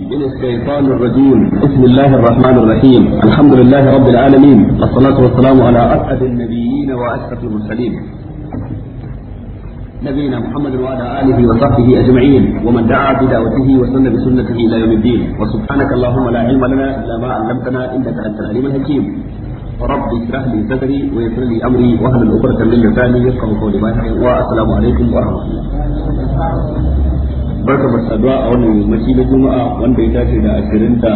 من الشيطان الرجيم بسم الله الرحمن الرحيم الحمد لله رب العالمين والصلاة والسلام على أسعد النبيين وأشرف المرسلين نبينا محمد وعلى آله وصحبه أجمعين ومن دعا بدعوته وسن بسنته إلى يوم الدين وسبحانك اللهم لا علم لنا إلا ما علمتنا إنك أنت العليم الحكيم رب اشرح لي صدري ويسر لي امري واهل الأخرة من لساني يفقه قولي والسلام عليكم ورحمه الله barka mu saduwa a wannan yammaci na juma'a wanda ya dace da ashirin da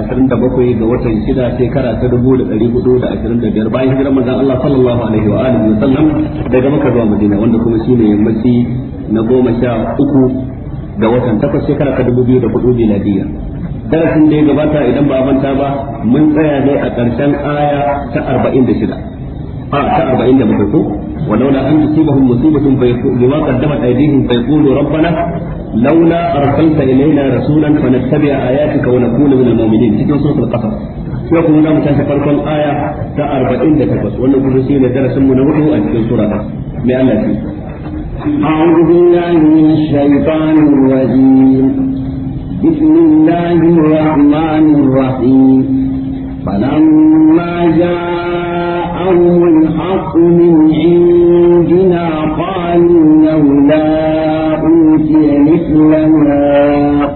ashirin da bakwai ga watan shida shekara ta dubu da ɗari hudu da ashirin da biyar bayan hijirar manzon Allah sallallahu alaihi wa alihi wa sallam daga maka zuwa Madina wanda kuma shine yammaci na goma sha uku ga watan takwas shekara ta dubu biyu da hudu miladiyya darasin da ya gabata idan ba manta ba mun tsaya ne a ƙarshen aya ta arba'in da shida a ta arba'in da bakwai ko ولولا أن تصيبهم مصيبة بما قدمت أيديهم فيقولوا ربنا لولا أرسلت إلينا رسولا فنتبع آياتك ونكون من المؤمنين تكون سورة القصص يقول لنا متى فرق آية أربعين تكبس ونقول رسيل درس منوره أن تكون سورة لأن أعوذ بالله من الشيطان الرجيم بسم الله الرحمن الرحيم فلما جاء أو الحق من عندنا قالوا لولا أوتي مثل ما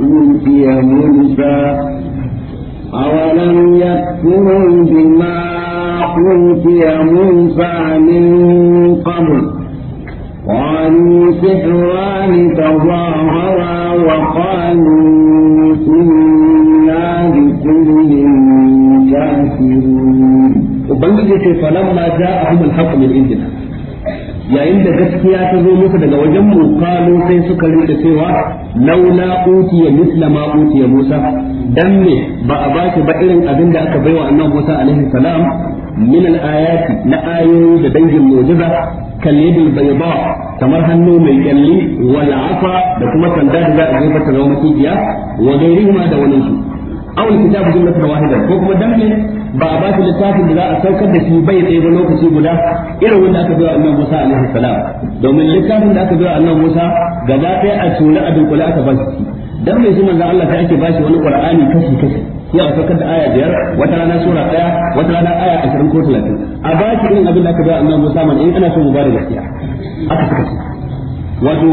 أوتي موسى أولم يكفروا بما أوتي موسى من قبل قالوا سحران تظاهرا وقالوا سنا بكل ubangiji ce ja za al-haqqu mai indina yayin da gaskiya ta zo musu daga wajen mu sai suka rinka cewa laula ya misla ma ya Musa dan me ba a baki ba irin abin da aka baiwa annabi Musa alaihi salam min al-ayati na ayoyi da dangin mu'jiza kal yadil bayda kamar hannu mai kyalli wal afa da kuma sanda da za a jefa ta zama makiya wa gairihima da wani su awul kitabu jumlatan wahida ko kuma dan me ba a ba su littafin da za a saukar da shi bai tsaye ba lokaci guda irin wanda aka zo annabi Musa alaihi salam domin littafin da aka zo annabi Musa gaba ɗaya a tura a dunkule aka ba shi dan mai shi manzon Allah ta ake ba shi wani Qur'ani kashi kashi sai a saukar da aya biyar wata rana sura ɗaya wata rana aya ashirin ko talatin a ba shi irin abin da aka zo annabi Musa man in ana so mu ba da gaskiya aka saka shi wato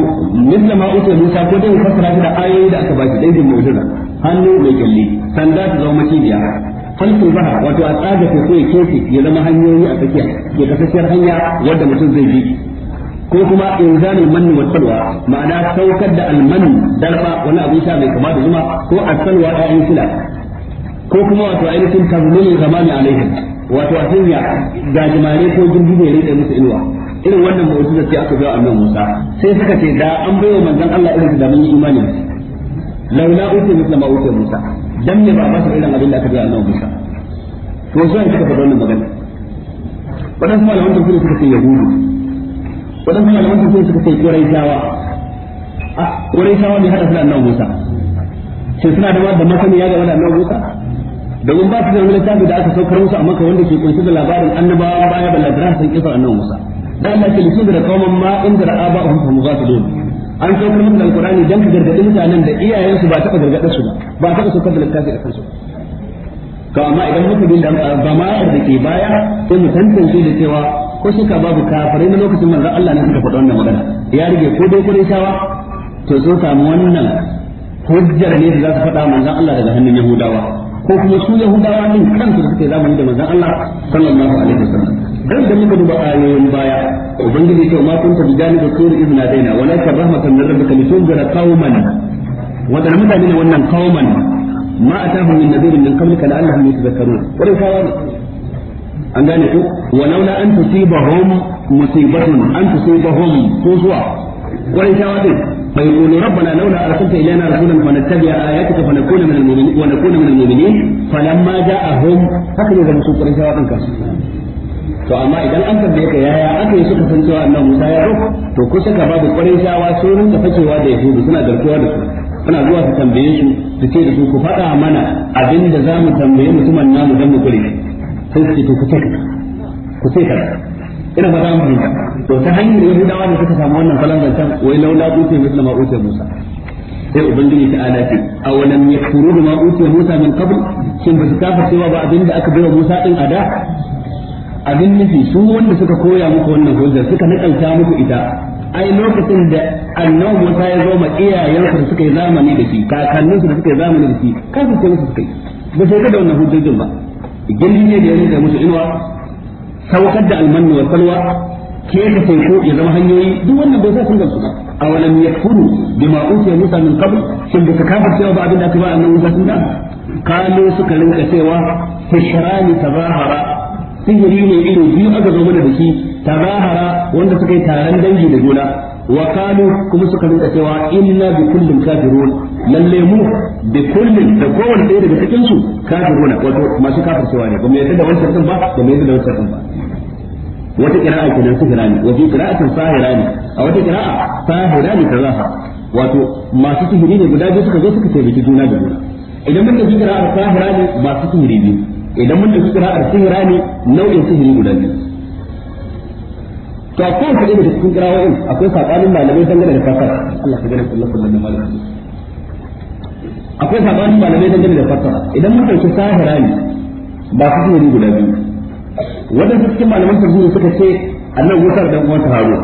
misla ma uta Musa ko dai fassara shi da ayoyi da aka ba shi dai mu'jiza hannu mai kalli sanda ta zama cibiya halku baha wato a tsaga teku ya kefe ya zama hanyoyi a tsakiya ya kasasshiyar hanya wadda mutum zai bi ko kuma in zane manni wa salwa ma'ana saukar da alman darba wani abin sha mai kama da zuma ko asalwa ayan sila ko kuma wato ainihin tazmilul a laifin wato a sanya gajimare ko jirgi ne rike musu inuwa irin wannan wasu zafi aka a nan Musa sai suka ce da an baiwa manzan Allah irin da mun yi imani laula uti mithla ma uti Musa dan ne ba ba su irin abin da aka ga Allah Musa to sai kika faɗa wannan magana wadansu malaman tafsir suka ce yahudu wadansu malaman tafsir suka ce quraishawa a quraishawa ne hada su da Allah Musa sai suna da masani ya ga wannan Allah Musa domin ba su da wani littafi da aka saukar musu a maka wanda ke kunshi da labarin annabawa baya balladara sun kisa annabawa Musa da Allah ke lissu da kawo ma inda ra'a ba'uhum su dole. an kai kuma da alqur'ani dan ka gargadi mutanen da iyayensu ba taɓa gargadar su ba taɓa sokar da littafi da kansu to amma idan muka bi da zama'ar da ke baya sai mu tantance da cewa ko suka babu kafare na lokacin manzon Allah ne suka faɗa wannan magana ya rige ko dai kurin shawa to zo samu wannan hujjar ne da za su faɗa manzon Allah daga hannun Yahudawa ko kuma su Yahudawa din kansu da suke zamani da manzon Allah sallallahu alaihi wasallam dan da muka duba ayoyin baya ubangiji ya ce ma kunta bijani da kuri ibn adaina walakin rahmatan min rabbika litunzira qauman wadan mutane ne wannan qauman ma atahum min nadirin min qablika la'allahum yatadhakkarun wannan kawa ne an gane ko walaula an tusibahum musibatun an tusibahum suwa wannan kawa ne فيقول ربنا لولا ارسلت الينا رسولا فنتبع اياتك فنكون من المؤمنين ونكون من المؤمنين فلما جاءهم هكذا مسوق رجاء كاسر to amma idan an tambaye ka yaya aka yi suka san cewa annabi Musa ya ruhu to ko saka babu ƙwarin shawa sun rinka fakewa da yahudu suna garkuwa da su suna zuwa su tambaye su su ce da su ku faɗa mana abin da za mu tambaye mutumin namu dan mu kure sai su ce to ku ce ka ku ce ka ina fata mu fahimta to ta hanyar yahudawa da suka samu wannan salon zancen wai laula uce misla ma uce Musa sai ubangiji ta ala ce awalam da ma uce Musa min qabl shin ba su kafa cewa ba abin da aka bai wa Musa din a da abin nufi su wanda suka koya muku wannan hujjar suka nakalta muku ita ai lokacin da annabi Musa ya zo ma iyayensa da suka yi zamani da shi kakanninsu da suka yi zamani da shi kafin sai musu suka yi ba sai da wannan hujjojin ba gindi ne da ya rinka musu inuwa saukar da almanni wa salwa ke ka ko ya zama hanyoyi duk wannan bai sa sun gamsu ba awalam yakfuru bima utiya Musa min qabl shin ba ka kafircewa ba abin da aka ba annabi Musa sun da kalu suka rinka cewa fishrani tazahara sihiri ne iri biyu aka zo mana da shi tazahara wanda suka yi taron dangi da juna wa kanu kuma suka rinka cewa inna bi kullin kafirun lalle mu bi kullin da kowanne ɗaya daga cikin su kafiruna wato masu kafircewa ne ba yadda da wancan din ba ba mu yadda da wancan din ba wata kira'a kenan sihirani wa fi qira'atin sahirani a wata qira'a sahirani tazaha wato masu sihiri ne guda biyu suka zo suka taimaki juna da juna idan muka ji qira'a ne masu sihiri biyu idan mun tafi kira'ar sihira ne nau'in sihiri guda biyu to akwai kaɗai da cikin kira'o'in akwai saɓanin malamai dangane da fasara Allah ka gane kullum kullum da malamai akwai saɓanin malamai dangane da fasara idan mun tafi sahira ne ba su sihiri guda biyu waɗansu cikin malaman tafsiri suka ce annan wutar dan uwan haro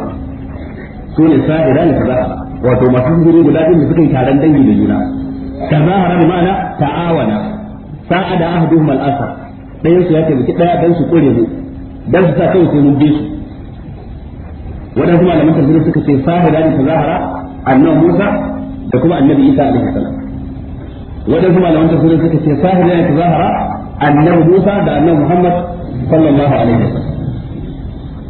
su ne sahira ne kaza wato masu sihiri guda biyu da suka yi taron dangi da juna kaza haram ma'ana ta'awana sa'a da ahduhum al-asar dayan su ya taimaki daya dan su kore mu dan su sa kai sai mun bi su wadansu malaman tafsir suka ce sahira da zahara annabi Musa da kuma annabi Isa alaihi salam wadansu malaman tafsir suka ce sahira da zahara annabi Musa da annabi Muhammad sallallahu alaihi wasallam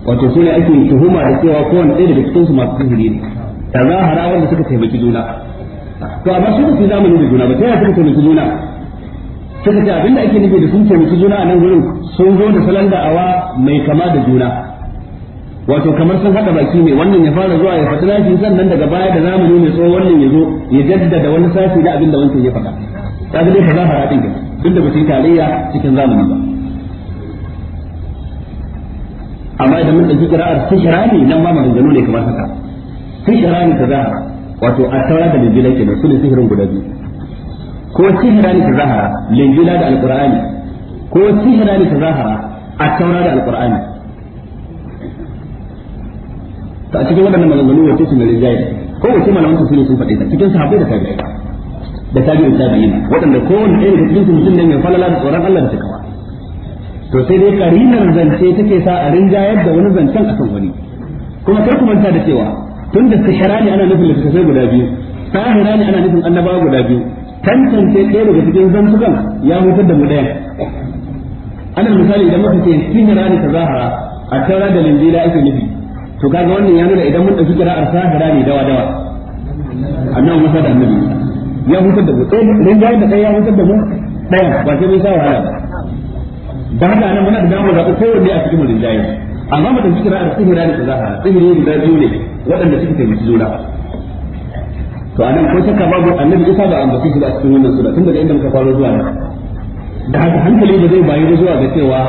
wato sune ake tuhuma da cewa kowanne ɗaya daga cikin su masu sihiri ne zahara wanda suka taimaki juna to amma su ba su zamanin da juna ba ta yaya suka taimaki juna Ka ce abinda ake nufi da sun taimaki juna a nan wurin sun zo da salon da'awa mai kama da juna wato kamar sun haɗa baki ne wannan ya fara zuwa ya faɗi nashi sannan daga baya da zamani mai tsohon wannan ya zo ya jaddada wani sashi na abin da wancan ya faɗa ta zai dai ka zahara ɗin gaba duk da ba su yi tarayya cikin zamani ba amma idan mun ɗauki kira'ar sun ne nan ma maganganu ne kamar haka sihira ne ta zahara wato a taura da bibila kenan su ne sihirin guda biyu ko sihirani ta zahara linjila da alqur'ani ko sihirani ta zahara a taura da alqur'ani ta cikin waɗannan maganganu wace su mai rinjaye ko wace malaman su ne sun faɗi ta cikin sahabbai da tabi'ai da tabi'in tabi'in waɗanda kowanne ɗaya daga cikin su mutum ne mai falala da tsoron Allah da ta takawa to sai dai karinar zance take sa a rinjayar da wani zancen a kan wani kuma kar ku manta da cewa tun da sihirani ana nufin littattafai guda biyu sahirani ana nufin annabawa guda biyu tantance ɗaya daga cikin zantukan ya mutar da mu ɗaya misali idan muka ce sihira ne ta zahara a tara da linjila ake nufi to kaga wannan ya nuna idan mun ɗauki a sahara ne dawa dawa annabi musa da annabi ya mutar da mu ɗaya eh, rinjaye da ɗaya ya mutar da mu ɗaya ba sai mun sa wahala ba da haka nan muna da damar zaɓi kowanne a cikin rinjaye amma mu ɗauki a sihira ne ta zahara sihiri ne guda biyu ne waɗanda suke taimaki juna to nan ko shakka babu annabi isa ba ambace shi da cikin wannan sura tun daga inda muka fara zuwa nan da haka hankali ba zai bayu da zuwa ga cewa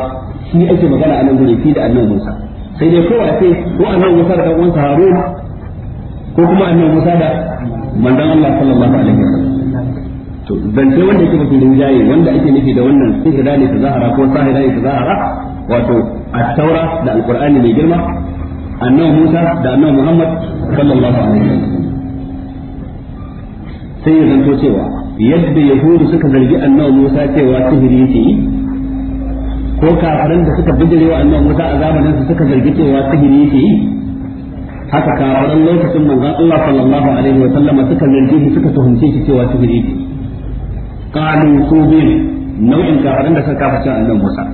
shi ake magana a nan gure shi da annabi Musa sai dai kowa sai ko annabi Musa da dan uwansa Harun ko kuma annabi Musa da manzon Allah sallallahu alaihi wasallam to sai wanda yake mafi rinjaye wanda ake nufi da wannan da ne ta zahara ko da ne ta zahara wato at-taura da al-qur'ani mai girma annabi Musa da annabi Muhammad sallallahu alaihi wasallam sai ya zanto cewa yadda yahudu suka zargi annabi Musa cewa sihiri yake yi ko kafirin da suka wa annabi Musa a zamanin su suka zargi cewa sihiri yake yi haka kafirin lokacin manzon Allah sallallahu alaihi wa sallama suka zargi shi suka tuhunce shi cewa sihiri yake qalu subin nau'in kafirin da suka kafa annabi Musa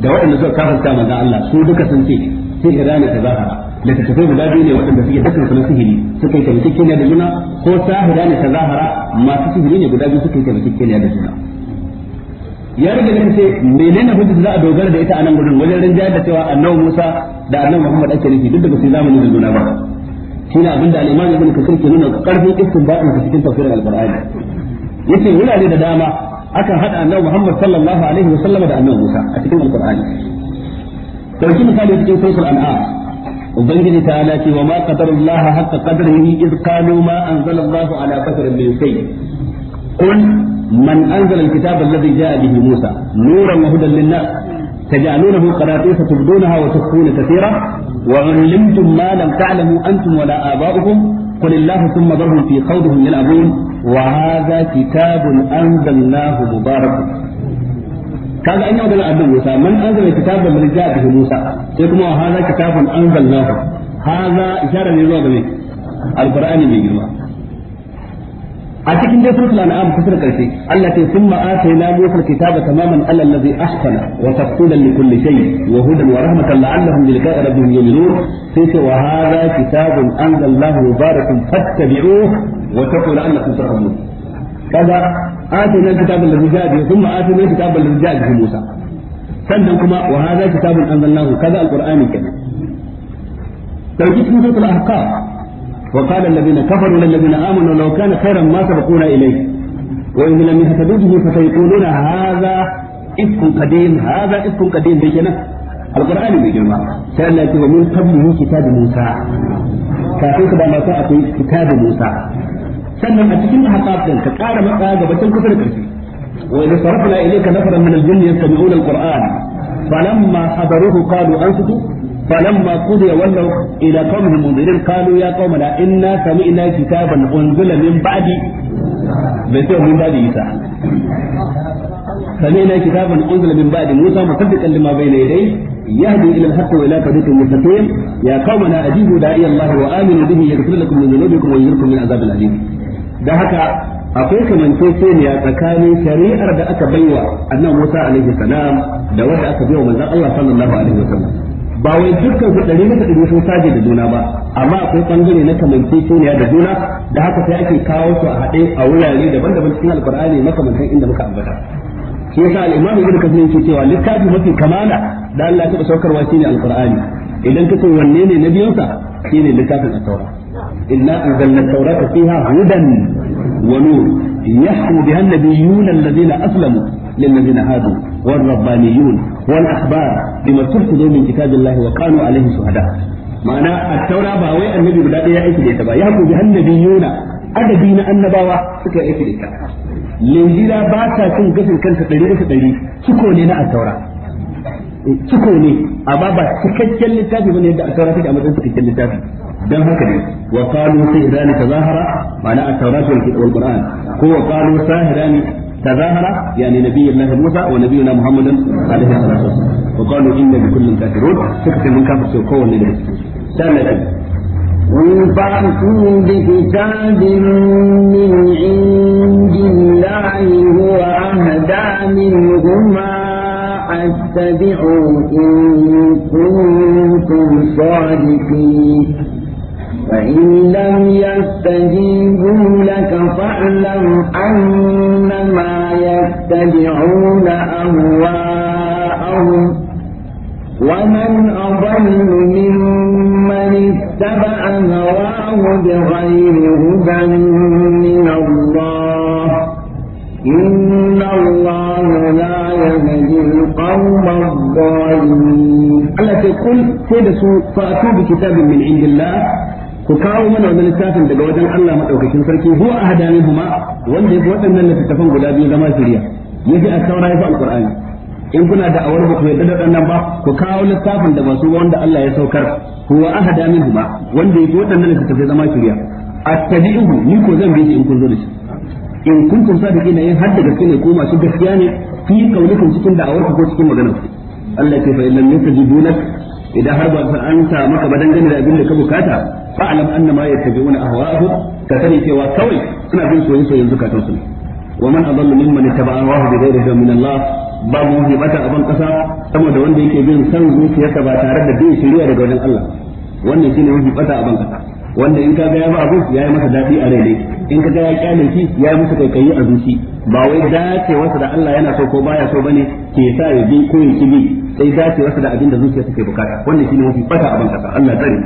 da waɗanda suka kafa manzon Allah su duka sun ce sihira ne zahara littattafai guda biyu ne waɗanda suke dukkan su na sihiri suka yi taimakekeniya da juna ko sahira ne ta zahara masu sihiri ne guda biyu suka yi taimakekeniya da juna ya rage nan ce menene hujja za a dogara da ita a nan gudun wajen rinjayar da cewa annabi Musa da annabi Muhammad ake nufi duk da ba su zamani da juna ba shine abin da al-Imam Ibn Kathir ke nuna karfin istinbatin da cikin tafsirin al-Qur'ani yace wurare da dama akan hada annabi Muhammad sallallahu alaihi wa sallama da annabi Musa a cikin al-Qur'ani dauki misali cikin suratul an'am ubangiji ta ala ce wa ma qadarullaha haqqa qadrihi iz qalu ma anzalallahu ala basharin min shay kun man anzala alkitaba alladhi jaa bihi musa nuran wa hudan lin-nas تجعلونه قراطيس تبدونها وتخفون كثيرا وعلمتم ما لم تعلموا انتم ولا اباؤكم قل الله ثم ذرهم في خوضهم يلعبون وهذا كتاب انزلناه مبارك kaga an yi magana annabi Musa man anzala kitaban min ja'atihi Musa sai kuma wa hadha hadha ishara ne zuwa alqur'ani mai girma a cikin dai suratul an'am kusa karshe Allah ta summa atayna Musa kitaba tamaman alal ladhi ahsana wa tafsilan li kulli shay wa hudan wa rahmatan la'allahum bi liqa'i rabbihim yu'minun sai ce wa hadha kitabun mubarakun fattabi'uhu wa taqulu annakum tarhamun آتينا الكتاب الذي جاء به ثم آتينا الكتاب الذي جاء به موسى sannan kuma wa hadha kitabun anzalnahu kaza alqur'ani kenan dauki cikin suratul ahqaf wa qala alladhina kafaru lil ladina amanu law kana khayran ma sabaquna ilayhi wa in lam yahtaduhu fa sayquluna hadha ifkun qadim hadha ifkun qadim dai kenan alqur'ani bai girma sai Allah ya ce min kitab musa kafin ka ba masa akwai kitab musa sannan a cikin ahqaf din ka ƙara matsa gaba tun kusa da wa idza sarafna ilayka nafaran min al-jinni quran falamma hadaruhu qalu ansitu فلما قضي ولوا الى قومهم منذرين قالوا يا قومنا انا سمعنا كتابا انزل من بعد بيتوا من بعد عيسى سمعنا كتابا انزل من بعد موسى مصدقا لما بين يديه يهدي الى الحق والى طريق المستقيم يا قومنا اجيبوا داعي الله وامنوا به يغفر لكم من ذنوبكم ويجركم من عذاب الاليم da haka akwai kamanceceniya tsakanin shari'ar da aka baiwa annabi Musa alaihi salam da wanda aka baiwa manzon Allah sallallahu alaihi wasallam ba wai dukkan su ɗari na ɗari sun saje da juna ba amma akwai bangare na kamanceceniya da juna da haka sai ake kawo su a haɗe a wurare daban-daban cikin alkur'ani makamantan inda muka ambata shi yasa al-imam ibn kathir yake cewa littafi mafi kamala da Allah ya taɓa saukarwa shine alkur'ani idan kace wanne ne na biyansa shine littafin at إنا أنزلنا التوراة فيها هدى ونور يحكم بها النبيون الذين أسلموا للذين هادوا والربانيون والأحبار بما استحفظوا من كتاب الله وكانوا عليه شهداء معنى التوراة باوي النبي بدا يا ايتي ديتا با يحكم بها النبيون أدبي na annabawa suka aiki da ita linjira ba ta cin gashin kanta ɗari uku ɗari ciko ne na asaura ciko ne amma ba cikakken littafi bane yadda asaura take a matsayin cikakken littafi dan haka ne wa qalu sayyidani tazahara ma'ana at-taurat wal qur'an تظاهر يعني نبي الله موسى ونبينا محمد عليه الصلاه والسلام وقالوا ان بكل كافرون سكت من كافر سيكون لنا سنه قل فأتوا بكتاب من عند الله هو أهدى منهما اتبعوا إن كنتم صادقين فإن لم يستجيبوا لك فاعلم أنما يتبعون أهواءهم ومن أضل ممن اتبع هواه بغير هدى من الله إن الله لا يهدي القوم الظالمين التي قل سيد فأتوا بكتاب من عند الله ku kawo mana wani littafin daga wajen Allah madaukakin sarki huwa ahadani huma wanda yake waɗannan littafan guda biyu zama shari'a yafi at-taura yafi al-qur'ani in kuna da awar ba ku yarda da wannan ba ku kawo littafin da masu wanda Allah ya saukar huwa ahadani huma wanda yake waɗannan littafai zama shari'a attabi'uhu ni ko zan bi in kun zo da shi in kuntum sadiqina yin hadda gaske ne ko masu gaskiya ne fi kaulikum cikin da'awar ko cikin maganar Allah ke ce fa illam yasjidu lak idan har ba an sa maka ba dangane da abin da ka bukata fa alam anna ma yattabi'una ahwa'ahum ka sani cewa kawai suna bin soyayya soyayya zukatan su wa man adallu mimman ittaba'a hawahu bi ghairi hudan min Allah ba mu hibata aban kasa saboda wanda yake bin san zuciyarsa ba tare da bin shiriya daga wajen Allah wannan shine mafi bata aban kasa wanda in ka ga ya ba abu yayi masa dadi a rai in ka ga ya kyale shi ya musu kaikayi a zuci ba wai dacewarsa da Allah yana so ko baya so bane ke sa ya bi ko ya bi sai dacewarsa da abin da zuciya take bukata wannan shine mafi fata a bankasa Allah tsare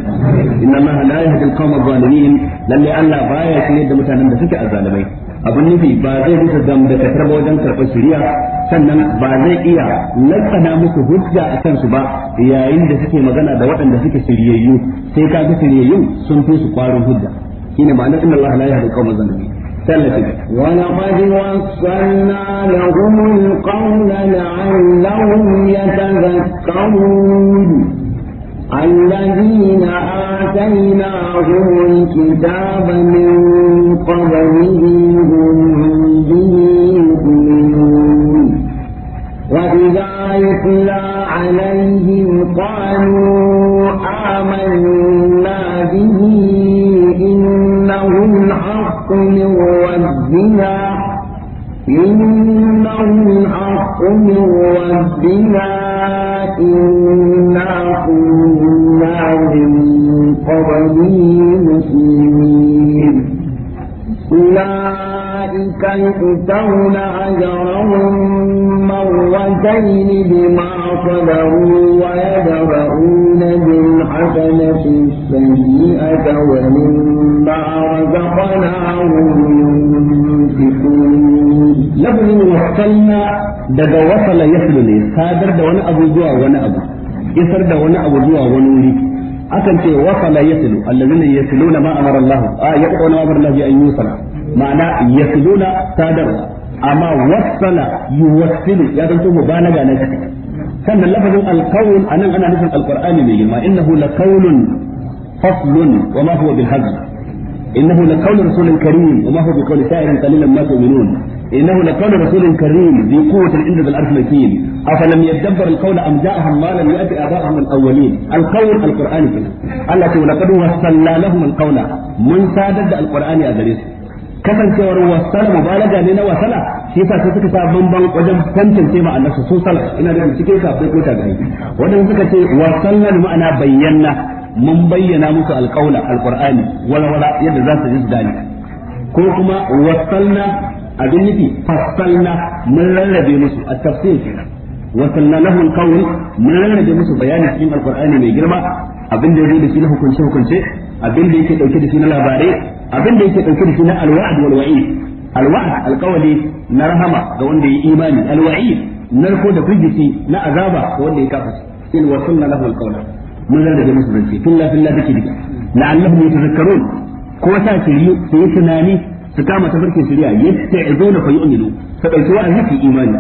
inna Allah la yahdi qawma adh lalle Allah baya shi da mutanen da suke azzalimai abin nufi ba zai bisa dam da katar wajen karɓar shari'a sannan ba zai iya lakana musu hujja a kansu ba yayin da suke magana da waɗanda suke shiryayyu sai ka ga shiryayyun sun fi su kwarin hujja هنا shine ان الله لا يهدي yahdi الظالمين ثالثا ولقد وصلنا لهم القول لعلهم يتذكرون الذين آتيناهم الكتاب من قبله هم به يؤمنون وإذا يتلى عليهم قالوا آمنا الحق من ربنا إنه الحق من ربنا إنا كنا من قبله مسلمين أولئك يؤتون أجرهم مرتين بما صبروا ويدرؤون بالحسنة daga wasala yaslu ne sadar da wani abu zuwa wani abu isar da wani abu zuwa wani wuri akan ce wasala yaslu allazina yasluna ma amara Allah a yaqona amara bi an yusala ma'ana yasluna sadarwa amma wasala yuwassilu ya zanto mubalaga na cikin sannan lafazin a nan ana nufin alkur'ani mai girma innahu laqawlun faslun wa ma huwa bil hazl innahu laqawlu rasulin karim wa ma huwa biqawli sha'irin qalilan ma tu'minun innahu laqawlu rasulin karim bi quwwatin inda dhil arsh makin afalam yadabbar alqawla am ja'ahum ma lam yu'ti aba'ahum alawwalin alqawl alqur'ani allati laqad wasalna lahum alqawla mun sadadda alqur'ani a gare kasancewar wasala mubalaga ne na wasala shi yasa sai suka sa bamban wajen tantance ma'anar su sala ina da cikin ka sai ko ta gani wadanda suka ce wasalla ma'ana bayyana mun bayyana musu alqaula alqur'ani wala wala yadda za su ji su ko kuma wasalna abin nufi fasalna mun rarrabe musu a tafsir kenan wasalna lahum qawl mun rarrabe musu bayani cikin alqur'ani mai girma abin da ya zo da shi na hukunce hukunce abin da yake dauke da shi na labarai abin da yake dauke da shi na alwa'd wal wa'id alwa'd alqawli na rahama ga wanda ya imani alwa'id narko da firgiti na azaba ga wanda ya kafa in wa sunna lahu alqawla mun zan da musu Tun lafin filla take diga la'allahum yatazakkarun ko sa su yi su yi tunani su kama ta tafarkin shari'a yasta'izuna fa yu'minu fa dauki wa'azi imani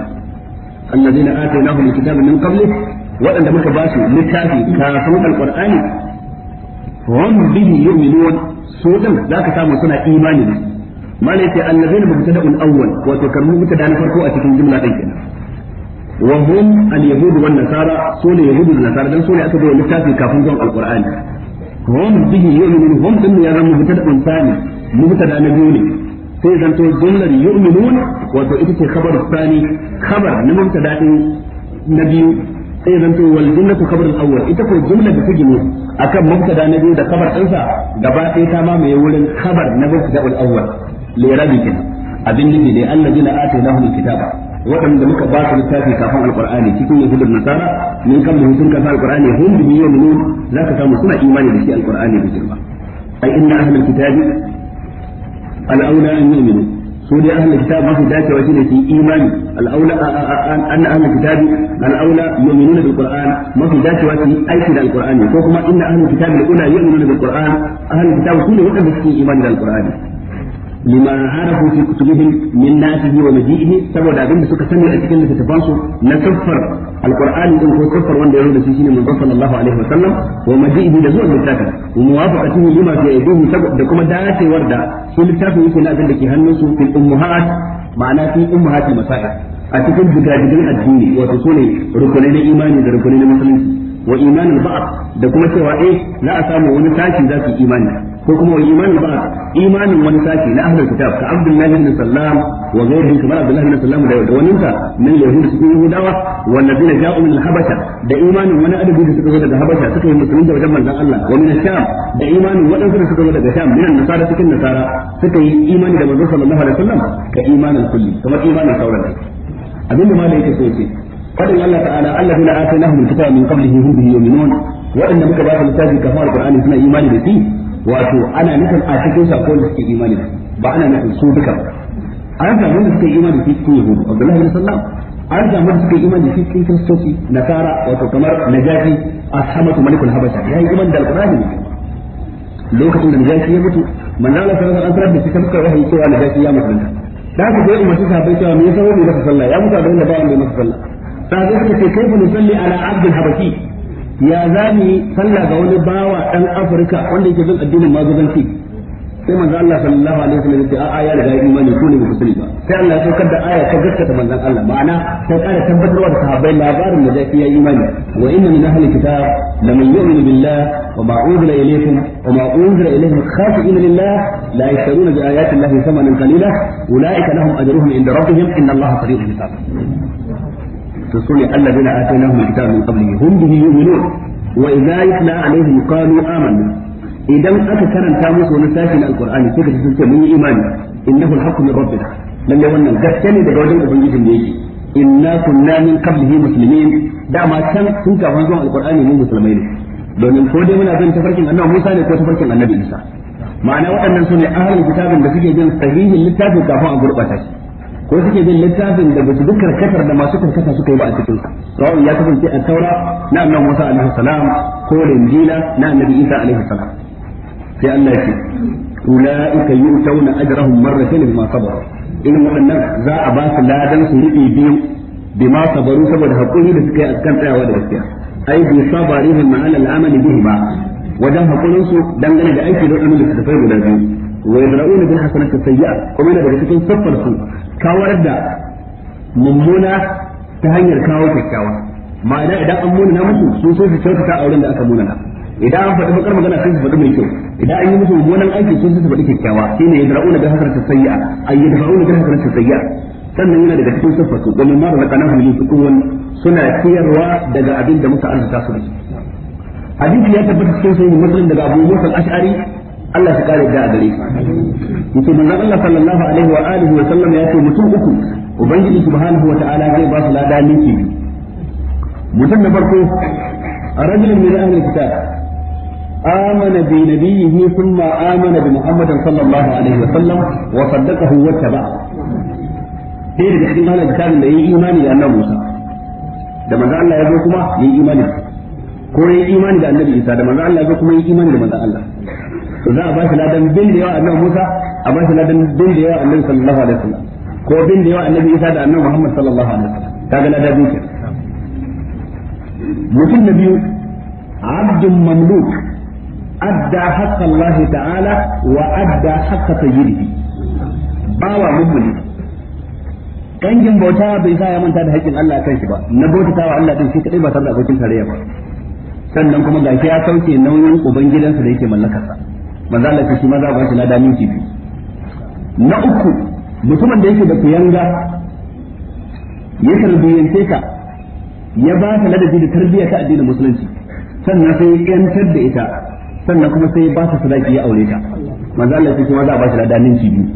الذين آتيناهم الكتاب من قبله وأن لم تباسوا للتافي كافرون القرآن هم به يؤمنون su din za ka samu suna imani ne malai ce allazina mubtada'un awwal wato kan da na farko a cikin jumla din kenan wa hum al yahud wan nasara su ne yahud da nasara dan su ne aka bayyana littafi kafin zuwa alqur'ani hum bihi yu'minun hum din ya zama mubtada'un thani mubtada na biyu ne sai zanto jumlar yu'minun wato ita ce khabar thani khabar na mubtada din na biyu sai zanto wal jumlatu khabar awwal ita ko jumla da take ne akan mubtada na biyu da khabar ɗinsa gaba ɗaya ta mamaye wurin kabar na mubtada al-awwal li rabbika abin nufi dai allazina atainahum kitaba waɗanda muka ba su littafi kafin alqur'ani cikin yahudun nasara mun kan mun sun kasa alqur'ani hum bi yu'minun zaka samu suna imani da shi alqur'ani da girma ai inna ahlul kitabi al-awla an yu'minu su dai ahlul kitab mafi dacewa shine su imani al'aula an ahlul kitab al'aula yu'minuna bil qur'an mafi dacewa su aiki da al alqur'ani ko kuma inna ahlul kitab al'ula yu'minuna bil qur'an ahlul kitab su ne wadanda suke imani da alqur'ani lima arafu fi kutubihim min nasihi wa maji'ihi saboda abin da suka sani a cikin littattafan su na al alqur'ani din ko kafar wanda ya zo da shi shine manzon sallallahu alaihi wa sallam wa maji'ihi da zuwa littafin wa muwafaqatihi lima fi yadihi saboda kuma dacewar da su littafin yake na abin da ke hannun su fil ummahat ma'ana fi ummahat masaya. a cikin gidajen addini wato sune rukunai na imani da rukunai na musulunci wa imanin ba'a da kuma cewa eh za a samu wani tashi za su imani ko kuma wa imani ba imanin wani sashi na ahlul kitab ka abdullahi ibn sallam wa ghayrihim kamar abdullahi ibn sallam da wannan ka min yahudi su yi dawa wal ladina ja'u min habasha da imanin wani adabi da suka zo daga habasha suka yi musulunci wajen manzon Allah wa min sham da imanin wadansu da suka zo daga sham minan nasara cikin nasara suka yi imani da manzon sallallahu alaihi wasallam ka imanin kulli kamar imanin sauran abinda ma da yake so ce fadin Allah ta'ala alladina atainahum kitaba min qablihi hum bihi yu'minun wa'anda muka ba su littafi kafar alqur'ani suna imani wato ana nufin a cikin sako da suke imani ba ana nufin su duka an samu da suke imani su cikin yahudu abdullahi bin sallam an samu da suke imani su cikin kristoci nasara wato kamar najafi ashamatu malikul habasha ya yi iman da alqur'ani lokacin da najafi ya mutu manzo Allah sallallahu alaihi wasallam da cikin fuskar wahayi cewa najafi ya mutu da haka sai umarci sahabbai cewa me yasa wani masa sallah ya mutu da ba wanda ya masa sallah sahabbai suka ce kaifa salli ala abdul habaki ya za mu yi sallah ga wani bawa dan afirka wanda yake bin addinin mazubanci sai manzo Allah sallallahu alaihi wasallam ya ce a'a ya riga imani ko ne musulmi ba sai Allah ya saukar da aya ta gaskata manzon Allah ma'ana sai kara tabbatarwa da sahabbai labarin da zai ya imani wa inna min ahli kitab laman yu'minu billah wa ma unzila ilaykum wa ma unzila ilayhim khashi'ina lillah la yashtaruna bi ayati llahi thamanan qalila ulaika lahum ajruhum inda rabbihim inna allaha sari'ul hisab to sune alladheena atainahum alkitaba min qablihi hum bihi yu'minun wa idza yutla alaihim qalu amanna idan aka karanta musu wani sashin alqur'ani sai kace sun ce mun yi imani innahu alhaqqu min rabbina lalle wannan gaske ne daga wajen ubangijin da yake inna kunna min qablihi muslimin dama can sun kafin zuwan alqur'ani mu musulmai ne domin ko dai muna bin tafarkin annabi Musa ne ko tafarkin annabi Isa ma'ana waɗannan su ne ahalin kitabin da suke bin sahihin littafin kafin a gurɓata shi ko suke bin littafin da basu duk karkatar da masu karkata suka yi ba a cikin sawun ya kasance a taura na annabi Musa alaihi salam ko injila na annabi Isa alaihi salam sai Allah ya ce ulaika yu'tawna ajrahum marratayn bima sabaru irin waɗannan za a ba su ladan su riɓi biyu bima sabaru saboda haƙuri da suka yi a kan tsayawa da gaskiya ai bi sabarihim ma'al al'amali bihi ba wajen hakurin su dangane da aiki da waɗannan littattafai guda biyu wa yamna'una bil hasanati sayyi'a kuma yana daga cikin saffar kawar da mummuna ta hanyar kawo kyakkyawa ma'ana idan an muna musu sun so su ta a wurin da aka muna idan an faɗi bakar magana sun faɗi mai kyau idan an yi musu mummunan aiki sun su faɗi kyakkyawa shine yadra'una bil hasanati sayyi'a ay yadra'una bil hasanati sayyi'a sannan yana daga cikin siffar su domin ma da rakanan hamilin sukuwan suna ciyarwa daga abin da muka arzuta su shi hadisi ya tabbatar cikin sahihin muslim daga Abu Musa al-Ash'ari Allah shi kare da a gare shi yace manzon Allah sallallahu alaihi wa alihi wa sallam ya ce mutum uku ubangiji subhanahu wa ta'ala zai ba su lada miki mutum na farko a rajulun min ahli kitab آمن بنبيه ثم آمن بمحمد صلى الله عليه وسلم وصدقه واتبعه. ɗaya daga cikin mahalar kitabin da ya yi imani da annabi Musa da manzo Allah ya zo kuma ya yi imani ko ya yi imani da annabi Isa da manzo Allah ya zo kuma ya yi imani da manzo Allah to za a ba shi ladan bin da yawa annabi Musa a ba shi ladan bin da yawa annabi sallallahu alaihi wasallam ko bin da yawa annabi Isa da annabi Muhammad sallallahu alaihi wasallam kaga ladan biyu ke mutum na biyu abdun mamluk adda haqqa Allah ta'ala wa adda haqqa sayyidihi bawa mummuni kangin bauta bai sa ya manta da haƙƙin Allah kan shi ba na bautata wa Allah din shi kadai ba tare da abokin tarayya ba sannan kuma gashi ya sauke nauyin gidansa da yake mallakarsa manzo Allah shi maza ba shi lada minti biyu na uku mutumin da yake da kuyanga ya tarbiyyance ka ya ba ta ladabi da tarbiyya ta addinin musulunci sannan sai ya kyantar da ita sannan kuma sai ya ba ta sadaki ya aure ta manzo Allah shi ma za ba shi lada minti biyu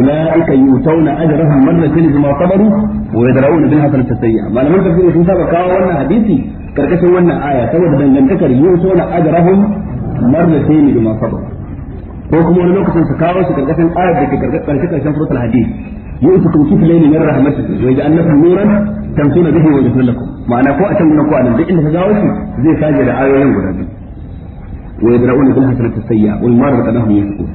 ulaika yutawna ajrahum marratayn bima sabaru wa yadrawuna bil hasanati sayyi'a malaman tafsir sun saba kawo wannan hadisi karkashin wannan aya saboda dangantakar yutawna ajrahum marratayn bima sabab ko kuma wani lokacin su kawo su karkashin ayat da ke karkashin karshen suratul hadid yusukum kiflayn min rahmatihi wa ja'alnakum nuran tamshuna bihi wa yusir lakum ma'ana ko a can ko a nan duk inda ka kawo shi zai saje da ayoyin guda biyu Wai da wa yadra'una bil hasanati sayya wal marratayn yusukun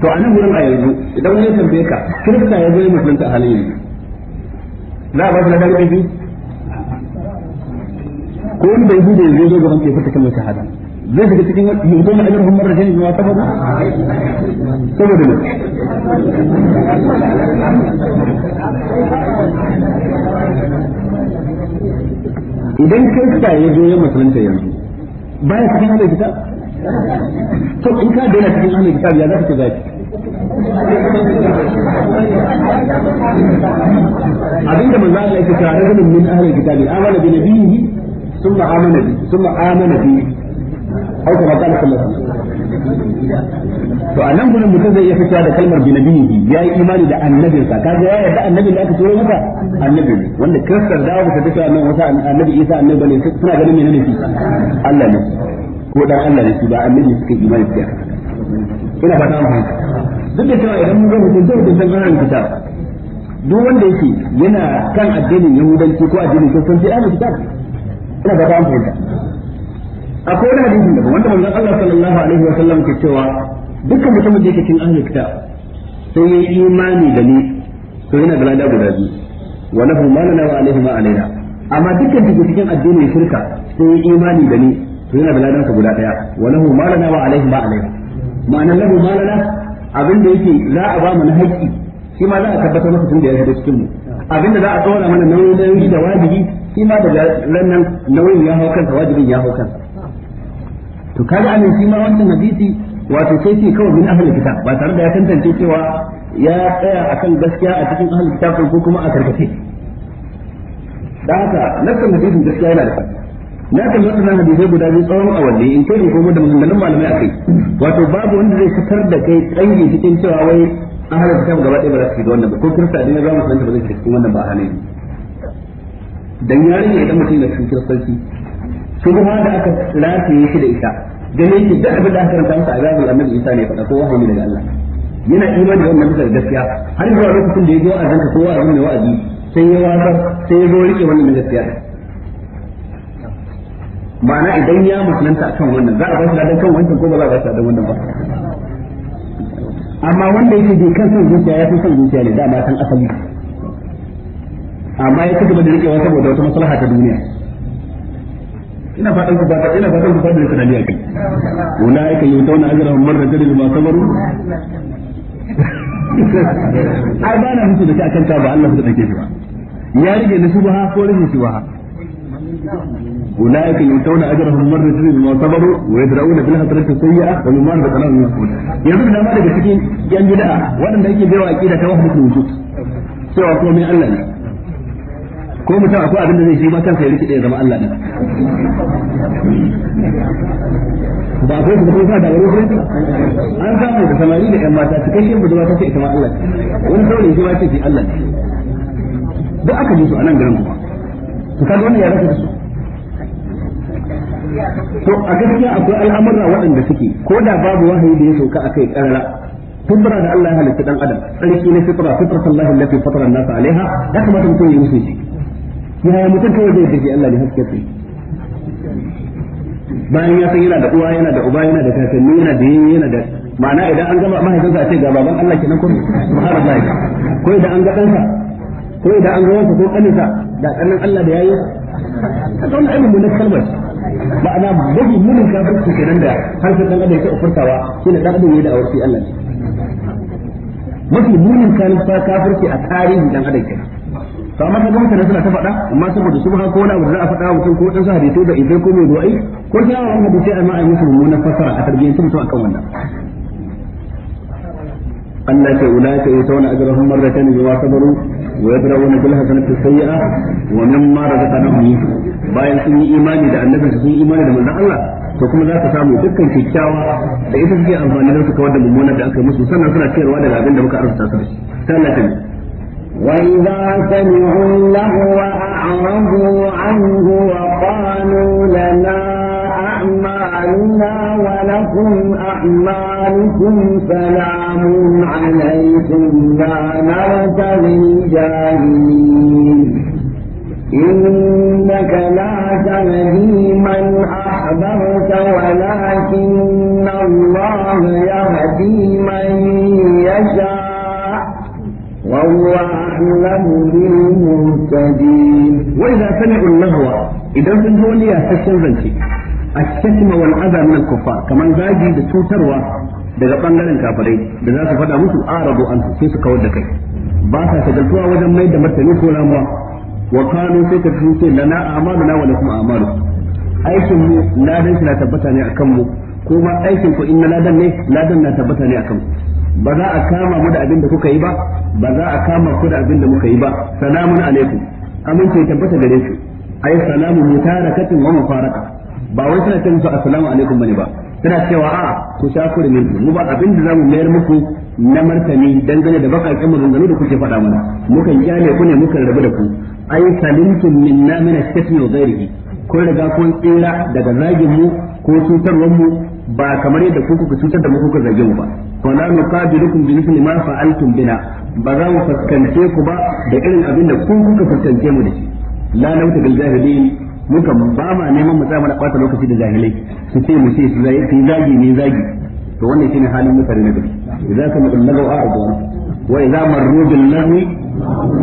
to a nan gurin a yanzu idan wani tambaye ka kirista ya zai musulunta a halin yanzu za a ba su ladan ƙarfi ko wani bai da yanzu zo gaban ke fita mai shahada zai shiga cikin yugo na ajiyar rajin yi wata saboda saboda ne idan kirista ya zo ya musulunta yanzu bayan cikin hannun kitab to in ka daina cikin hannun kitab ya za ka ce zaki abinda manzo Allah yake cewa rajulun min ahli kitabi amana bi nabiyhi thumma amana bi thumma amana bi ai kuma kana sallallahu to a nan gudun mutum zai iya fitowa da kalmar bi ya yi imani da annabinsa kaga ya yarda annabin da aka turo masa annabi ne wanda kristan da ba ta nan wasa annabi isa annabi suna ganin menene shi Allah ne ko dan Allah ne ina duk da cewa idan mun ga mutum san ran kitab duk wanda yake yana kan addinin yahudanci ko addinin kristanci ana kitab ina fata mu akwai wani hadisin daga wanda manzon Allah sallallahu alaihi wa sallam ke cewa dukkan mutumin da yake cikin ahlul kitab sai yayi imani da ni to yana da lada guda biyu wa lahu ma lana wa alaihi ma alaina amma dukkan da cikin addini shirka sai yayi imani da ni to yana da ladan ka guda daya wa lahu ma lana wa alaihi ma alaina ma'ana lahu ma lana abin da yake za a ba mu na haƙƙi shi ma za a tabbatar masa tun da ya shiga cikin mu abin da za a tsora mana nauyin da wajibi shi ma daga nan nauyin ya hau kansa wajibin ya hau kansa to kaga anan shi ma wannan hadisi wato sai ce kawai min ahlul kitab ba tare da ya tantance cewa ya tsaya akan gaskiya a cikin ahlul kitab ko kuma a karkace dan haka nakan hadisin gaskiya yana da na kalli wannan hadisai guda biyu tsawon awanni in kai ko da maganganun malamai akai wato babu wanda zai fitar da kai tsangi cikin cewa wai ahlul kitab gaba ɗaya ba za su shiga wannan ba ko kirista ne za mu san ba zai shiga cikin wannan ba halin dan yarinya idan mutum na cikin kiristanci ma da aka rataye shi da ita ganin shi da abin da aka karanta masa azabul annabi Isa ne faɗa ko wahayi daga Allah yana imani da wannan bisa gaskiya har zuwa lokacin da ya zo a zanka ko wa'azin ne wa'azi sai ya wasa sai ya zo rike wannan gaskiya ma'ana idan ya musulunta kan wannan za a ba shi ladan kan wancan ko ba za a ba shi ladan wannan ba amma wanda yake bai kan son zuciya ya fi son zuciya ne dama san asali amma ya ci gaba da rikewa saboda wata maslaha ta duniya ina fatan ku ba ina fatan ku fadin tunani a kai ulaika yutawna ai ba na mutu da kai akan ta ba Allah ku dake shi ba ya rige na subha ko rige subha أولئك يؤتون أجرهم مرتين بما صبروا ويدرؤون بالحسنة السيئة ومما رزقناهم ينفقون. يقول ما daga cikin yan bid'a waɗanda yake bayar aqida ta wahdatul wujud. Cewa kuma min Allah ko mutum akwai abin da zai shi ba kansa ya rikide ya zama Allah ne ba ko kuma kuma da wuri ne an mu da samari da yan mata su kashe budurwa ta ce ita ma Allah wani saurayi shi ma ce shi Allah da aka ji su a nan garin kuma to kaga wannan ya rasa su to a gaskiya akwai al'amurra waɗanda suke ko da babu wahayi da ya sauka akai karara ƙarara الله da Allah ya halitta dan adam tsarki الله التي فطر الناس عليها، fatara an-nas alaiha ya kamata mutum musu shi yaya mutum kawai zai tafi Allah ne haske su bayan ya san yana da uwa yana da uba yana da kakanni yana da yin yana da ma'ana idan an gama mahaifinsa a ce ga baban Allah kenan ko yi. ko idan an ga sa, ko idan an ga wansa ko kaninsa da kanin Allah da yayi ka san ilmin mun kalmar ma'ana mafi munin ke kenan da harshen dan adam ta ofurtawa shine dan adam yayi da aurfi Allah ne mafi munin kafirci a tarihin dan adam kenan to amma ka gwamnati suna ta faɗa amma saboda su ko wani abu da za a faɗa mutum ko ɗan sa hadisi da idan ko mai du'ai ko ya wani hadisi amma a yi musu mummunan fasara a tarbiyyar mutum kan wannan Allah ce ulaka yutawna ajrahum marratayn zuwa sabaru wa ya yadrawna bil hasanati sayyi'a wa mimma razaqnahum bayan sun yi imani da su sun yi imani da manzon Allah to kuma za ka samu dukkan kyakkyawa da ita suke amfani da su kawar da mummunan da aka yi musu sannan suna ciyarwa daga abin da muka arzuta su sallallahu وإذا سمعوا اللهو أعرضوا عنه وقالوا لنا أعمالنا ولكم أعمالكم سلام عليكم لا نرتضي الجاهلين إنك لا تهدي من أحببت ولكن الله يهدي من يشاء وهو أعلم بالمهتدين وإذا سمعوا اللغو إذا سمعوا لي أحسن ذلك الشتم والعذاب من الكفار كمان زاجي بتوتروا daga ɓangaren kafirai da za su faɗa musu arabu an sai su kawar da kai ba sa shagaltuwa wajen mai da martani ko ramuwa wa kanu sai ka tuce lana amalu amaluna wa lakum amalu aikin mu ladan shi na tabbata ne akan mu ko ma aikin ku in ladan ne ladan na tabbata ne akan ku ba za a kama mu da abin da kuka yi ba ba za a kama ku da abin da muka yi ba salamun alaikum amince tabbata gare ku ai salamu mutarakatin wa mufaraka ba wai suna ce musu assalamu alaikum bane ba suna cewa a ku sha kuri min mu ba abin da zamu mayar muku na martani dangane da mu dangane da kuke faɗa mana mukan kyale ku ne mukan rabu da ku ai salimtum minna min ash-shatmi wa kun riga kun tsira daga zagin mu ko cutarwar mu ba kamar yadda ku kuka cutar da mu kuka zage mu ba fa la nuqabilukum bi mithli ma fa'altum bina ba za mu fuskance ku ba da irin abin da ku kuka fuskance mu da shi la nauta bil jahilin muka ba ma neman mu tsaya mana bata lokaci da jahilai su ce mu ce su zagi ne zagi to wannan shine halin mutane na gari idza kama allagaw a'du wa idza marru bil lagwi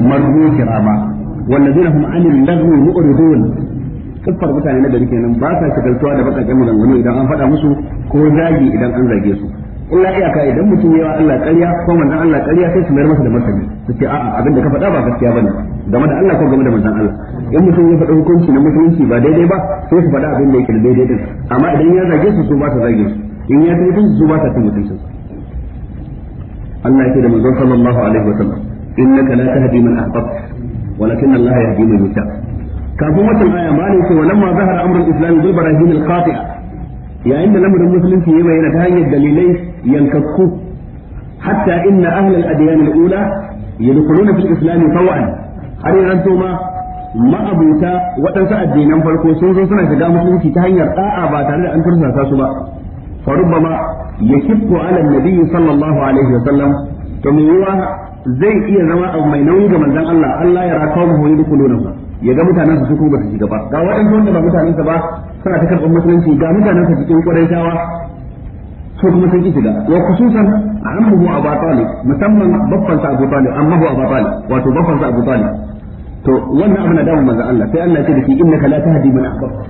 marru kirama والذين هم عن اللغو مؤرضون siffar mutane na gari kenan ba sa shigaltuwa da bakakken maganganu idan an faɗa musu ko zagi idan an zage su illa iyaka idan mutum yawa Allah ƙarya ko manzon Allah ƙarya sai su mayar masa da martani su ce a'a abin da ka faɗa ba gaskiya bane game da Allah ko game da manzon Allah in mutum ya faɗa hukunci na musulunci ba daidai ba sai su faɗa abin da yake da daidai din amma idan ya zage su su ba ta zage su in ya ci mutunci su ba ta cin mutuncin Allah ya ce da manzon sallallahu alaihi wa sallam innaka la tahdi man ahbabta walakin Allah yahdi man yasha kafin watan aya ne ce walamma zahara amrul islam bil barahin al qati'a yayin da lamarin musulunci ya bayyana ta hanyar dalilai yankakku hatta inna ahla al adyan al ula yadkhuluna fil islam tawan har yanzu ma ma'abuta waɗansu addinan farko sun zo suna shiga musulunci ta hanyar da'a ba tare da an tursasa su ba فربما يشق على النبي صلى alaihi wa sallam. to mai yiwa zai iya zama abu mai nauyi ga manzon Allah Allah ya raka mu yi dukuluna ya ga mutanen su kuma ba su shiga ba ga waɗansu wanda ba mutanen sa ba suna ta karɓar musulunci ga mutanen sa cikin tawa, su kuma sun ki shiga wa khususan ammuhu abu talib musamman babban sa abu talib ammuhu abu talib wato babban sa abu talib to wannan abin da damun manzon Allah sai Allah ya ce da shi innaka la tahdi man ahbabta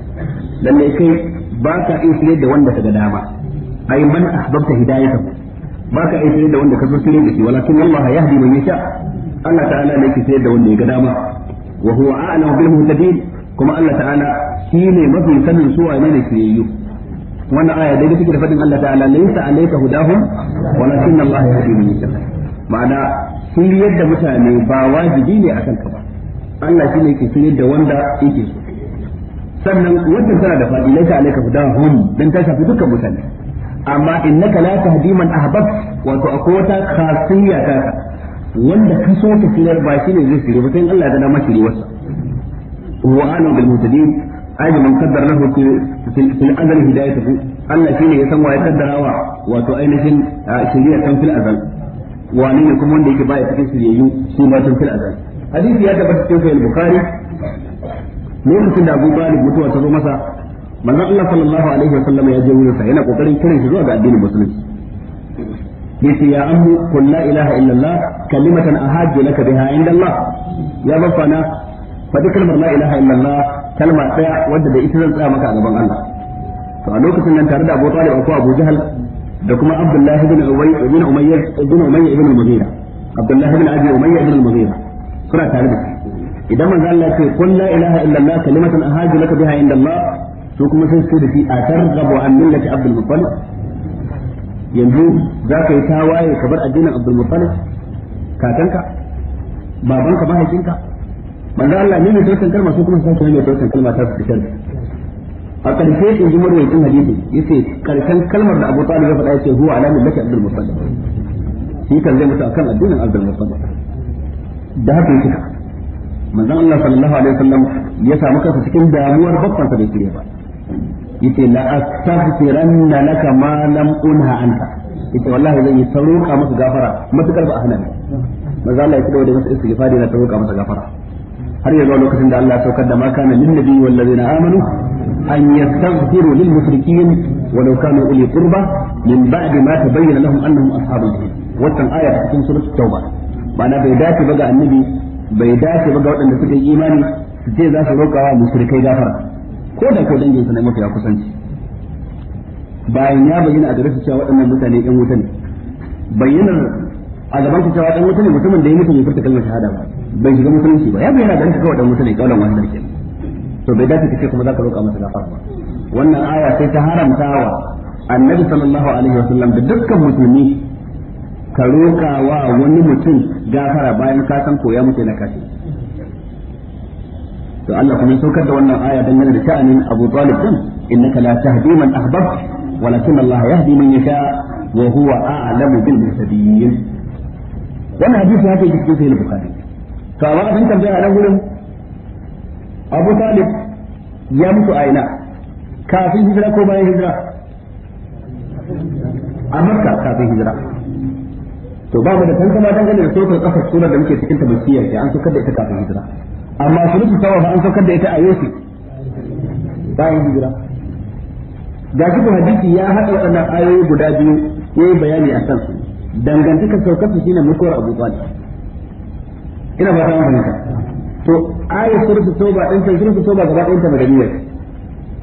lalle kai ba ka iya shirye da wanda ka ga dama ai man ahbabta hidayatahu ba ka iya shirye da wanda ka so shirye da shi walakin Allah yahdi man yasha Allah ta'ala ne yake shirye da wanda ya ga dama wa huwa a'lamu bil muhtadin kuma Allah ta'ala shine mafi sanin su wane ne shiryayyu wannan aya dai take da fadin Allah ta'ala laysa alayka hudahum walakin Allah yahdi ma'ana shiryar da mutane ba wajibi ne akan ka Allah shine yake shiryar da wanda yake sannan wannan tana da fadi laysa alayka hudahum dan ta shafi dukkan mutane amma ahbab wato akwai wata khasiyya wanda ka so ka shiryar ba shi ne zai shirye ba sai Allah ya dama shiryarsa wa ana bil mutadin aji man qaddara lahu fil azal hidayatuhu Allah shi ne ya san wa ya kaddarawa wato ainihin shiriya kan fil azal wani ne kuma wanda yake ya cikin shiryayyu shi ma tun fil azal hadisi ya tabbata cikin sahih bukhari lokacin da Abu Talib mutuwa ta zo masa manzon Allah sallallahu alaihi wasallam ya je wurin sa yana kokarin kiran shi zuwa ga addinin musulunci yace ya ammu qul la ilaha illallah kalimatan ahajju laka biha inda Allah ya bafana faɗi kalmar la ilaha illallah kalma daya wadda da ita zan tsaya maka a gaban Allah to a lokacin nan tare da Abu Talib ko Abu Jahal da kuma Abdullah ibn Ubay ibn Umayyah ibn Umayyah ibn Mughira Abdullah ibn Abi Umayyah ibn Mughira suna tare da idan manzo Allah ce qul la ilaha illallah kalimatan ahajju laka biha inda Allah to kuma sai su da shi a targhabu an millati Abdul Muttalib yanzu za ka yi tawaye ka bar addinin abdul muttalib kakanka babanka mahaifinka manzo Allah ne mai daukan kalma su kuma sai mai daukan kalma ta fitar a karshe in ji murnar din hadisi yace karshen kalmar da Abu Talib ya faɗa yace huwa alamin millati abdul muttalib shi kan zai mutu akan addinin abdul muttalib da haka yake manzon Allah sallallahu alaihi wasallam ya samu kansa cikin damuwar babban sa da kire ba yace la astaghfiranna laka ma lam unha anka yace wallahi zan yi taroka maka gafara matukar ba ahlan manzo Allah ya cigaba da masa istighfari na taroka masa gafara har yanzu lokacin da Allah ya saukar da ma kana lin nabi wal ladina amanu an yastaghfiru lil mushrikeen walau kanu uli qurba min ba'di ma tabayyana lahum annahum ashabul jahim wannan aya cikin surat tauba ma'ana bai dace ba ga annabi bai dace ba ga waɗanda suka yi imani su ce za su roƙa wa mushrikai gafara ko da ko dangin sa ne mafiya kusanci bayan ya bayyana a gare su cewa waɗannan mutane ɗan wuta ne bayyanar a gaban ka cewa ɗan wuta ne mutumin da ya mutu bai furta kalmar shahada ba bai shiga musulunci ba ya bayyana gare ka kawai ɗan wuta ne kaulan wani sarki to bai dace kace kuma zaka roƙa masa gafara ba wannan aya sai ta haramta wa annabi sallallahu alaihi wasallam da dukkan musulmi ka roƙa wa wani mutum gafara bayan ka san ko ya mutu na kashi to Allah kuma saukar da wannan aya dangane da sha'anin Abu Talib din innaka la tahdi man ahbab walakin Allah yahdi man yasha wa huwa a'lamu bil muhtadin wannan hadisi haka yake cikin sahih bukhari to amma abin tambaya nan gurin Abu Talib ya mutu a ina kafin hijira ko bayan hijira a Makka kafin hijira to ba mu da tantama dangane da sokar kafar sunan da muke cikin tabakkiyar sai an saukar da ita kafin hijira amma surutu sawa ba an saukar da ita a yau bayan hijira ga shi hadisi ya haɗa waɗannan ayoyi guda biyu ya yi bayani a kan su dangantakar saukar su shine mutuwar Abu bani ina ba ta fahimta to ayat suratu tauba ɗin can suratu tauba gaba ɗin ta madaniyar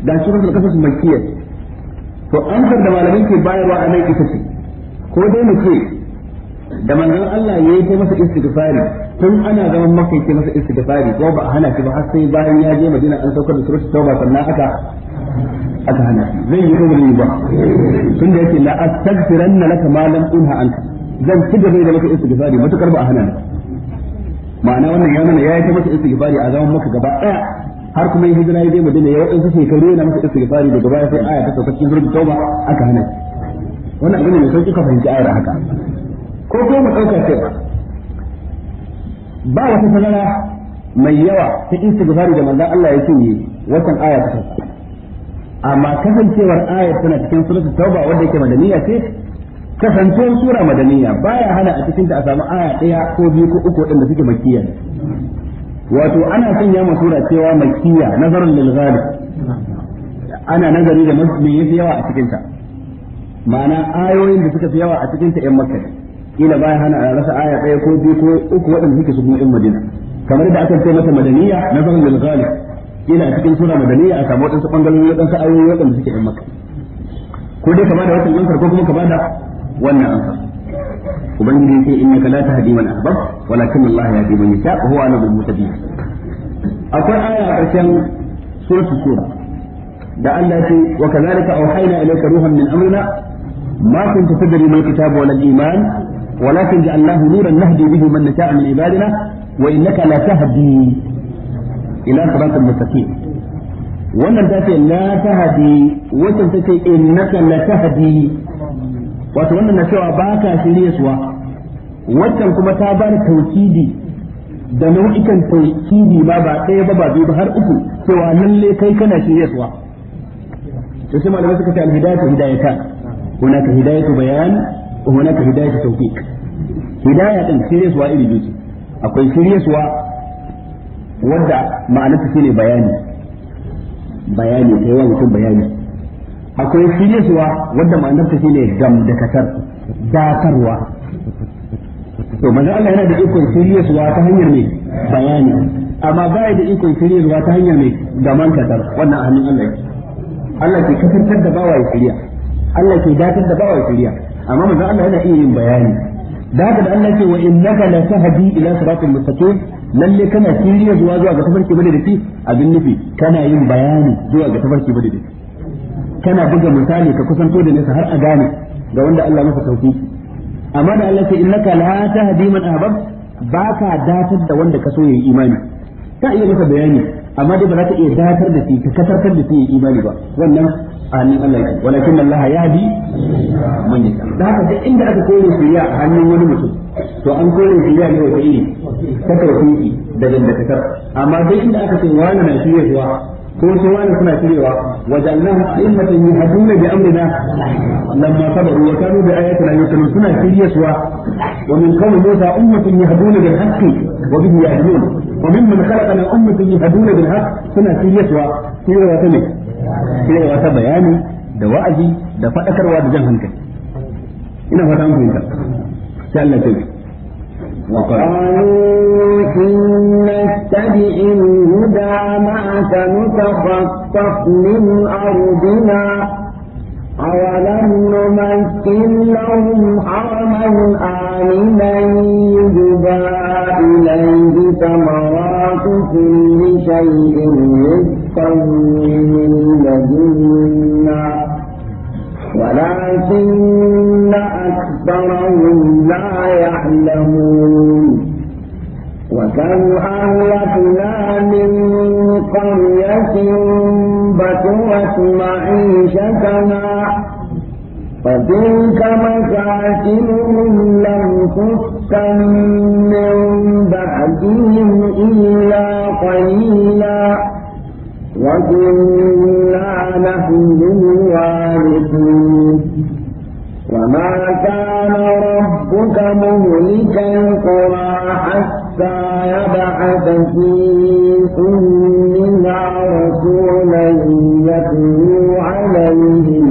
ga suratu su makiyar to an da malamin ke bayarwa a nan ita ce ko dai mu ce da manzon Allah ya yi masa istighfari tun ana zaman maka yake masa istighfari ko ba a hana shi ba har sai bayan ya je Madina an saukar da surat tauba sannan aka aka hana zai yi kuma ba tun da yake la astaghfiranna laka ma lam unha anka zan ci gaba da maka istighfari matukar ba a hana ma'ana wannan ya nuna ya yi masa istighfari a zaman maka gaba daya har kuma ya hijira ya je Madina ya yi wadansu shekaru yana masa istighfari daga baya sai aya ta saukar cikin surat tauba aka hana wannan abin ne mai sauki ka fahimci ayar haka ko kuma mu ɗauka ce ba Ba wata sanara mai yawa ta istighfari da manzon Allah ya yi watan aya ta amma kasancewar ayar tana cikin suratul tauba wanda yake madaniya ce kasancewar sura madaniya baya hana a cikin ta a samu aya ɗaya ko biyu ko uku waɗanda suke makkiya wato ana sanya ma sura cewa makkiya nazarin lil ana nazari da me yafi yawa a cikin ta ma'ana ayoyin da suka fi yawa a cikin ta ƴan makka kila baya hana a rasa aya ɗaya ko biyu ko uku waɗanda suke su in madina kamar da aka ce mata madaniya na zan lil ghalib kila a cikin sura madaniya a samu waɗansu ɓangarori waɗansu ayoyi waɗanda suke in maka ko dai ka bada wata ansar ko kuma ka bada wannan ansar ubangiji yake innaka la tahdi man ahbab walakin Allah yahdi man yasha wa huwa alimul muhtadin akwai aya a ƙarshen suratul sura da Allah ya ce wa kadhalika awhayna ilayka ruhan min amrina ma kunta tadri mal kitabu wal iman ولكن جعلناه نورا نهدي به من نشاء من عبادنا وإنك لا تهدي إلى صراط المستقيم wannan ta ce la tahdi wacce ta ce innaka la tahdi wato wannan na cewa ba ka shirye suwa waccan kuma ta ba da tauhidi da nau'ikan tauhidi ba ba ɗaya ba ba biyu ba har uku cewa lalle kai kana shirye suwa to sai malamai suka ce al-hidayatu hidayatan hunaka hidayatu bayan wa hunaka hidayatu tawfiq hidaya din shiryaswa iri biyu ce akwai shiryaswa wadda ma'anarta shine bayani bayani kai wa mutum bayani akwai shiryaswa wanda ma'anarta shi ne shine gamdakatar datarwa to manzo Allah yana da ikon shiryaswa ta hanyar ne bayani amma ba da ikon shiryarwa ta hanyar mai gaman kadar wannan a hannun Allah yake Allah ke kafartar da bawa ya shirya Allah ke dakatar da bawa ya shirya amma manzon Allah yana iya yin bayani da haka da Allah ce wa innaka la tahdi ila siratal mustaqim lalle kana shirye zuwa zuwa ga tafarki bane da shi abin nufi kana yin bayani zuwa ga tafarki bane da shi kana buga misali ka kusanto da nesa har a gane ga wanda Allah masa sauki amma da Allah ce innaka la tahdi man ahbab baka datar da wanda ka so yayi imani ta iya masa bayani amma dai ba za ka iya dakatar da shi ka kasartar da shi ya imani ba wannan a hannun Allah yake walakin Allah ya bi man yasha da haka duk inda aka kore shiriya a hannun wani mutum to an kore shiriya ne wata iri ta karfi da dangantakar amma duk inda aka ce wani na shiryarwa ko sai wani suna shiryarwa wajallahu a'immatan yahduna bi amrina lamma sabaru wa kanu bi ayatina yuqinun suna shiryarwa wa min qawmi musa ummatun yahduna bil haqqi wa bihi yahdun وممن خلق من أمة يهدون بالحق سنة سيريتها سيرة وتمي سيرة وتبياني da wa'azi da faɗakarwa da jan hankali ina fata فيك سألنا sai وقالوا إن نتبع الهدى معك نتخطف من أرضنا أولم نمكن لهم حرما آمنا يجبى إليه ثمرات كل شيء رزقا من لدنا ولكن أكثرهم لا يعلمون وكم أهلكنا من قرية بطرت معيشتنا فتلك مساكنهم لم تسكن من بعدهم إلا قليلا وكنا نحن الوارثين وما كان ربك مهلك القرى حتى يبعث في أمنا رسولا يتلو عليهم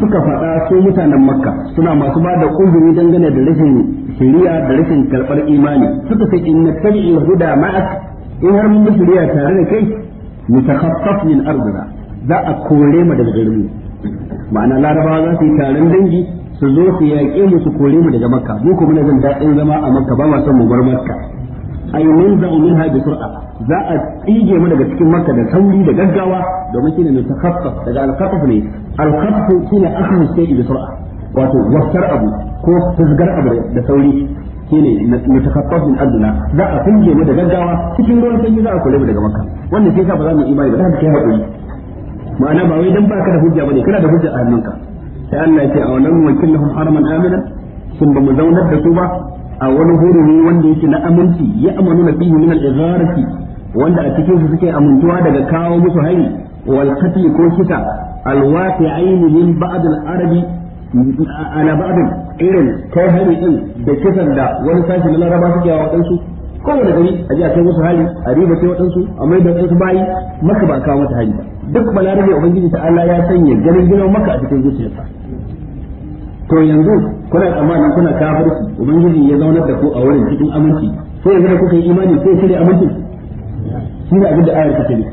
suka faɗa sai mutanen makka suna masu ba da ƙungiri dangane da rashin shari'a da rashin karɓar imani suka ce in na tabi'il huda in har mun shirya tare da kai mutakhaffaf min ardina za a kore mu daga garin mu ma'ana larabawa za su yi taron dangi su zo su yaƙe mu su kore mu daga makka mu kuma na zan daɗin zama a makka ba ma son mu bar makka ay munza'u minha bi sur'a za a tsige mu daga cikin makka da sauri da gaggawa domin shine mutakhaffaf daga al-khaffaf ne al-khaffaf shine akhdhu shay'i sur'a wato waftar abu ko fusgar abu da sauri shine na takhaffaf za a kunje mu da gaggawa cikin ruwan sanyi za a kula mu daga makka wannan sai sa ba za mu imani ba za mu kai hakuri ma'ana ba wai dan baka da hujja bane kana da hujja a hannunka sai Allah ya ce a wannan wakilahum haraman amina sun ba mu zaunar da su ba a wani hurumi wanda yake na aminci ya amanu na fihi min al wanda a cikin su suke amintuwa daga kawo musu hari wal qatl ko kita al ainihin min ba'd al-arabi Ana ba abin irin kai hari din da kisan da wani sashi na laraba suke wa Ko kowane gari a ji a kai musu hali a riba kai wadansu a mai da wadansu bayi maka ba kawo mata hali duk balarabe ubangiji ta Allah ya sanya ganin gidan maka a cikin zuciyarsa to yanzu kuna tsammanin kuna kafirci ubangiji ya zaunar da ku a wurin cikin aminci sai yanzu da kuka yi imani sai shirya aminci shi ne abin da ayar take ne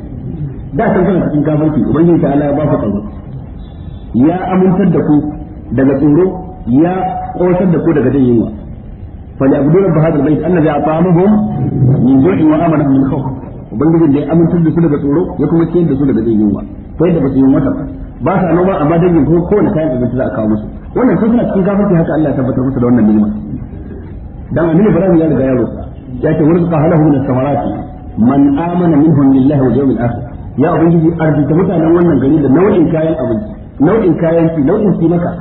da san kuna cikin kafirci ubangiji ta Allah ya ba ku tsaro ya amintar da ku daga tsoro ya kosar da ku daga jin yunwa فليعبدوا رب هذا البيت الذي اطعمهم من جوع وامنهم wa خوف ubangijin da ya amintar da su daga tsoro ya kuma ciyar da su daga jin yunwa ta yadda ba su yunwa ta ba sa noma amma dangin ko wani kayan abinci za a kawo musu wannan sai suna cikin gafarta haka Allah ya tabbatar musu da wannan nima dan annabi Ibrahim ya riga yaro ya ce wurin qahalahu hu min samarati man amana minhum lillahi wa yawmil akhir ya ubangiji arzika mutanen wannan gari da nau'in kayan abinci nau'in kayan ki nau'in ki maka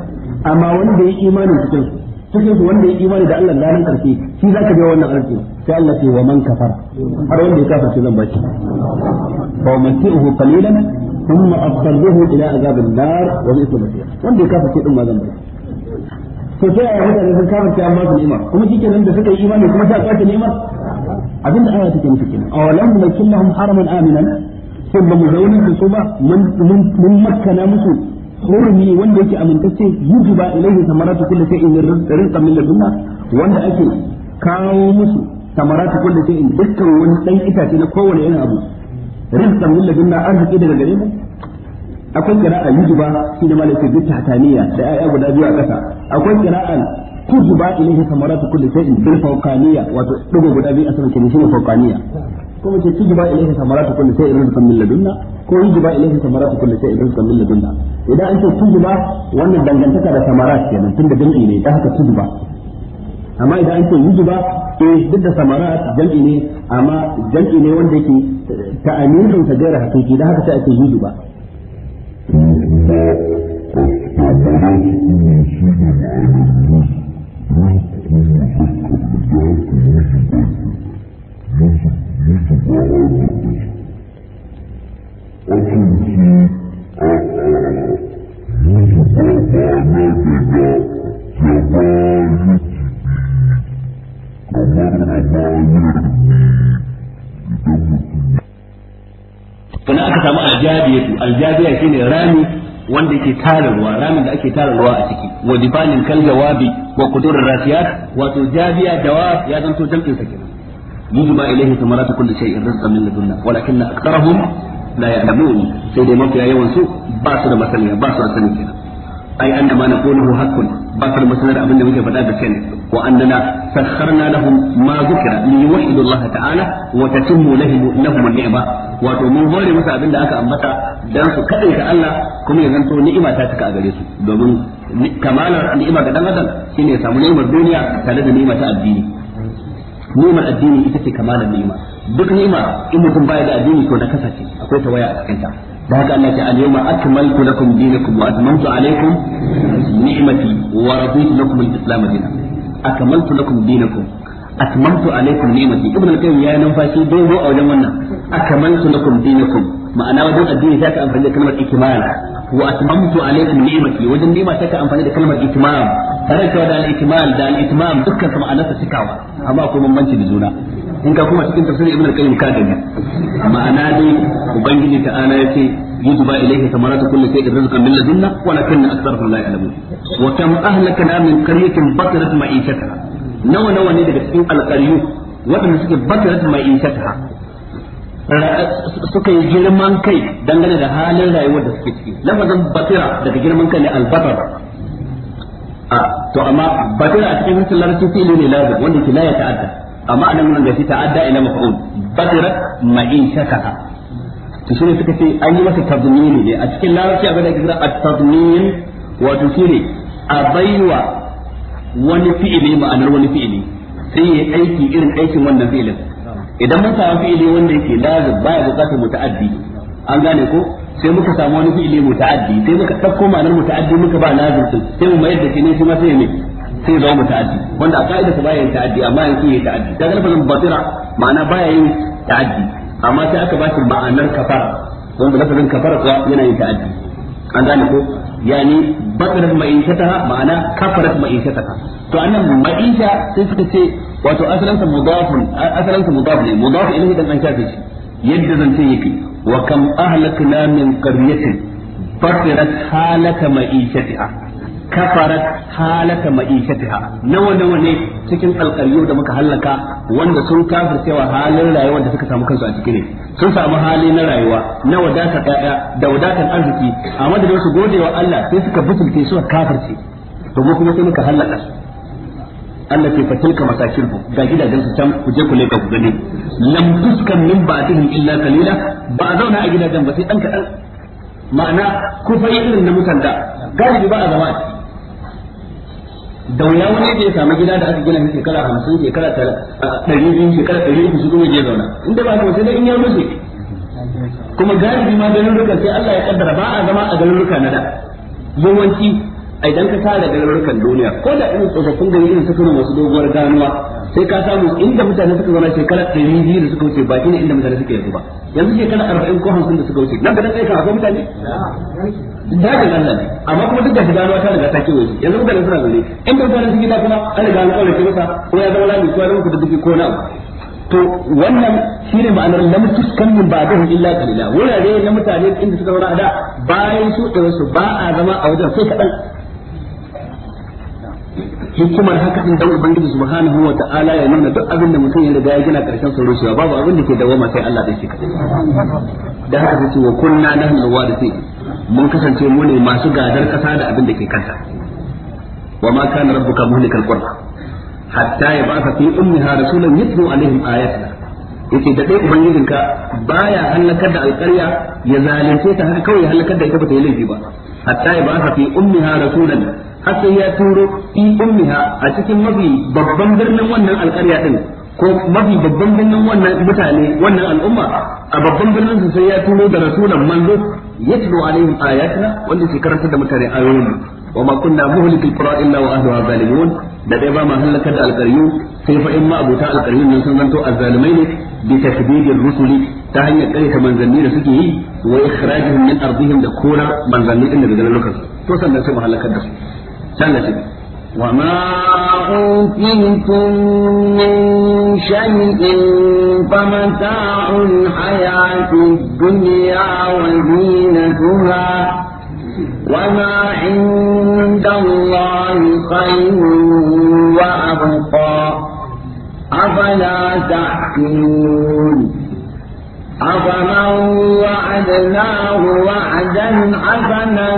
amma wanda ya imani cikin su cikin su wanda ya imani da Allah ranar karshe shi za ka biya wannan arziki sai Allah ce wa man kafara har wanda ya kafa shi zan ba shi fa matihu qalilan thumma afsaluhu ila azabin nar wa bi'sa masir wanda ya kafa shi din ma zan ba shi to sai ya mutane sun kama ta amma ni'ima kuma nan da suka yi imani kuma sai a kwace ni'ima abinda aya take nufi kenan awalam nakullahum haraman aminan sun ba mu zaunin su ba mun makkana musu hurumi wanda yake amintacce ba ilaihi samaratu kulli shay'in rizqan min ladunna wanda ake kawo musu samaratu kulli shay'in dukkan wani dan itace na kowane irin abu rizqan min ladunna arziki daga gare mu akwai qira'a ba shi da malaka bi tahtaniya da ayya guda biyu a kasa akwai qira'an ba ilaihi samaratu kulli shay'in bil fawqaniya wato dugo guda biyu a sanin shi ne fawqaniya ko mace ci jiba ilaihi samaratu kulli shay'in rizqan min ladunna ko yi jiba ilaihi samaratu kulli shay'in rizqan min ladunna idan an ce ci wannan dangantaka da samarat kenan tunda jam'i ne da haka ci amma idan an ce yi jiba eh duk da samarat jam'i ne amma jam'i ne wanda yake ta'amilun ta jira hakiki da haka sai ake yi jiba Thank you. mutu ba har da kuji akan ce a mutu ba ba na daga jaba ya ci kamar ramayar idan mutum sannan aka samu aljabiyatu aljabiya shine rami wanda yake tara ruwa ramin da ake tara ruwa a ciki wa dibanin kal jawabi wa qudur rasiyat wato jabiya jawab ya zanto jam'in sa kenan yujba ilayhi thamaratu kulli shay'in rizqan min ladunna walakinna aktharahum la ya'lamun sai dai mafiya yawan su ba su da masaniya ba su da sani kenan ai anna ma naquluhu haqqun ba su da masaniyar abin da muke faɗa da kai wa annana sakharna lahum ma zukira li yuwahhidu Allah ta'ala wa tatimmu lahum an-ni'ma wato mun hore musu abin da aka ambata dan su kadai ga Allah kuma ya zanto ni'ima cika a gare su domin ga dan adam shine samu ni'imar duniya tare da ni'ima ta addini ni'imar addini ita ce kamalan ni'ima duk ni'ima in mutum baya da addini to na kasa ce akwai tawaya a cikin ta da haka Allah ta al-yawma akmaltu lakum dinakum wa atmamtu alaykum ni'mati wa raditu lakum al-islam dinan akmaltu lakum dinakum atmamtu alaykum ni'mati al-qayyim ya a wajen wannan akmaltu lakum dinakum ma'ana wajen addini sai ka amfani da kalmar ikmal wa atmamtu alaykum ni'mati wajen ni'ma take amfani da kalmar itmam tare da al-itmal da al-itmam dukkan sama ma'anarsa cikawa amma akwai bambanci da juna in ka kuma cikin tafsirin ibn al-qayyim ka gani ma'ana dai ubangiji ta'ala yace yujba ilayhi thamaratu kulli shay'in rizqan min ladunna walakin aktharuhum la ya'lamun wa kam ahlakna min qaryatin batarat ma'ishataha nawa nawa ne daga cikin alqaryu waɗanda suke batarat ma'ishataha suka yi girman kai dangane da halin rayuwar da suke ciki lafazin batira daga girman kai ne albatar a to amma batira a cikin hancin larabci fili ne lazim wanda ke la ya ta'adda amma anan mun ga shi ta'adda ila maf'ul batira ma in shakaha to shine suka ce an yi masa tazmin ne a cikin larabci abin da kira at tazmin wato shine a baiwa wani fi'ili ma'anar wani fi'ili sai ya aiki irin aikin wannan fi'ilin idan mun samu fi'ili wanda yake lazim baya bukatar muta'addi an gane ko sai muka samu wani fi'ili muta'addi sai muka dauko ma'anar muta'addi muka ba lazim din sai mu mayar da shi ne kuma sai ne sai zama muta'addi wanda a ka'ida ta baya yin ta'addi amma yanzu yayi ta'addi daga lafazin batira ma'ana baya yin ta'addi amma sai aka ba shi ma'anar kafara wanda lafazin kafara kuwa yana yin ta'addi an gane ko yani batarat ma'ishataha ma'ana kafarat ma'ishataha to annan ma'isha sai suka ce wato asalansa mudafun asalansa mudaf ne mudaf ilayhi dan an shafe shi yadda zan ce yake wa kam ahlakna min qaryatin fatirat halaka ma'ishatiha kafarat halaka ma'ishatiha nawa nawa ne cikin alƙaryu da muka halaka wanda sun kafir cewa halin rayuwa da suka samu kansu a cikin ne sun samu hali na rayuwa na wadatar ɗaya da wadatar arziki a madadin su gode wa Allah sai suka butulce suka kafirce to mu kuma sai muka halaka su Allah ke ka masakin ku ga gidajen su can ku je ku leka ku gani lam tuskan min ba'dihim illa qalila ba a zauna a gidajen ba sai dan kadan ma'ana ku fa irin na mutan da galibi ba a zama da wuya wani da ya samu gida da aka gina shi shekara hamsin shekara ɗari biyu shekara ɗari uku su kuma je zauna inda ba haka sai in ya rufe kuma galibi ma garin rukan sai Allah ya kaddara ba a zama a garin ruka na da yawanci idan ka tara garurukan duniya ko da irin tsofaffin gari irin suka masu doguwar ganuwa sai ka samu inda mutane suka zauna shekara ɗari biyu da suka wuce ba shine inda mutane suke yanzu ba yanzu shekara arba'in ko hamsin da suka wuce nan gadan aikin akwai mutane da ga nan ne amma kuma duk da shi ganuwa ta riga ta wuce yanzu mutane suna zaune inda mutane suke da kuma an riga an kaurace masa ko ya zama lami ko ya zama kudu ko na to wannan shine ma'anar lam tuskan min ba'dahu illa qalila wurare na mutane inda suka zauna da bayan su da su ba a zama a wajen sai kadan hikimar haka din dan ubangiji subhanahu wa ta'ala ya nuna duk abin da mutum ya riga ya gina karshen sa rushewa babu abin da ke dawoma sai Allah da shi kadai da haka sai wa kunna nahnu alwarisin mun kasance mu ne masu gadar kasa da abin da ke kanta wa ma kana rabbuka muhlikal qurba hatta yab'atha fi ummiha rasulan yatlu alaihim ayatina yace da dai ubangijinka baya halakar da alƙarya ya zalunce ta haka kawai halakar da ita ba ta yi laifi ba hatta ba fi ummiha rasulan har sai ya turo fi ummiha a cikin mafi babban birnin wannan alƙarya din ko mafi babban birnin wannan mutane wannan al'umma a babban birnin su sai ya turo da rasulan manzo yatlu alaihim ayatina wanda ke karanta da mutane ayoyin wa ma kunna muhlikil qura illa wa ahliha zalimun da dai ba ma halakar da alƙaryu sai fa in ma abota alƙaryun nan sun zanto azzalumai ne bi takdidir rusuli ta hanyar ta manzanni da suke yi wa ikhrajihim min ardihim da kora manzanni din daga garin lokacin to sannan sai mu da su sannan sai وما أوتيتم من شيء فمتاع الحياة الدنيا وزينتها وما عند الله خير وأبقى أفلا تحكمون أفمن وعدناه وعدا حسنا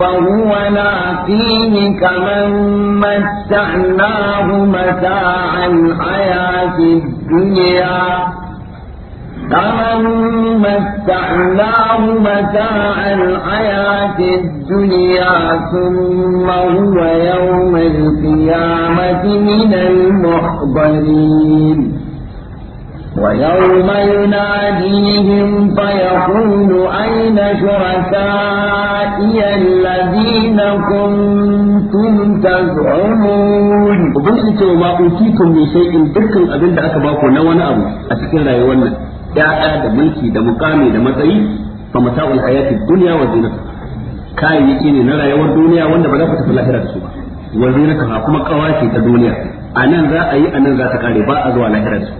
فهو لاقيه كمن متعناه متاع الحياة الدنيا كمن متعناه متاع الحياة الدنيا ثم هو يوم القيامة من المحضرين ويوم يناديهم فيقول أين شركائي الذين كنتم تزعمون وبنسي ما أوتيكم من شيء ذكر أبن دعك باكو نوانا أبو أتكلم يوانا ya'ya da mulki da mukami da matsayi fa mata'ul hayati dunya wa zinatu kayayyaki ne na rayuwar duniya wanda ba za ku tafi lahira da su ba wa zinatu kuma kawace ta duniya nan za a yi nan za ta kare ba a zuwa lahira da su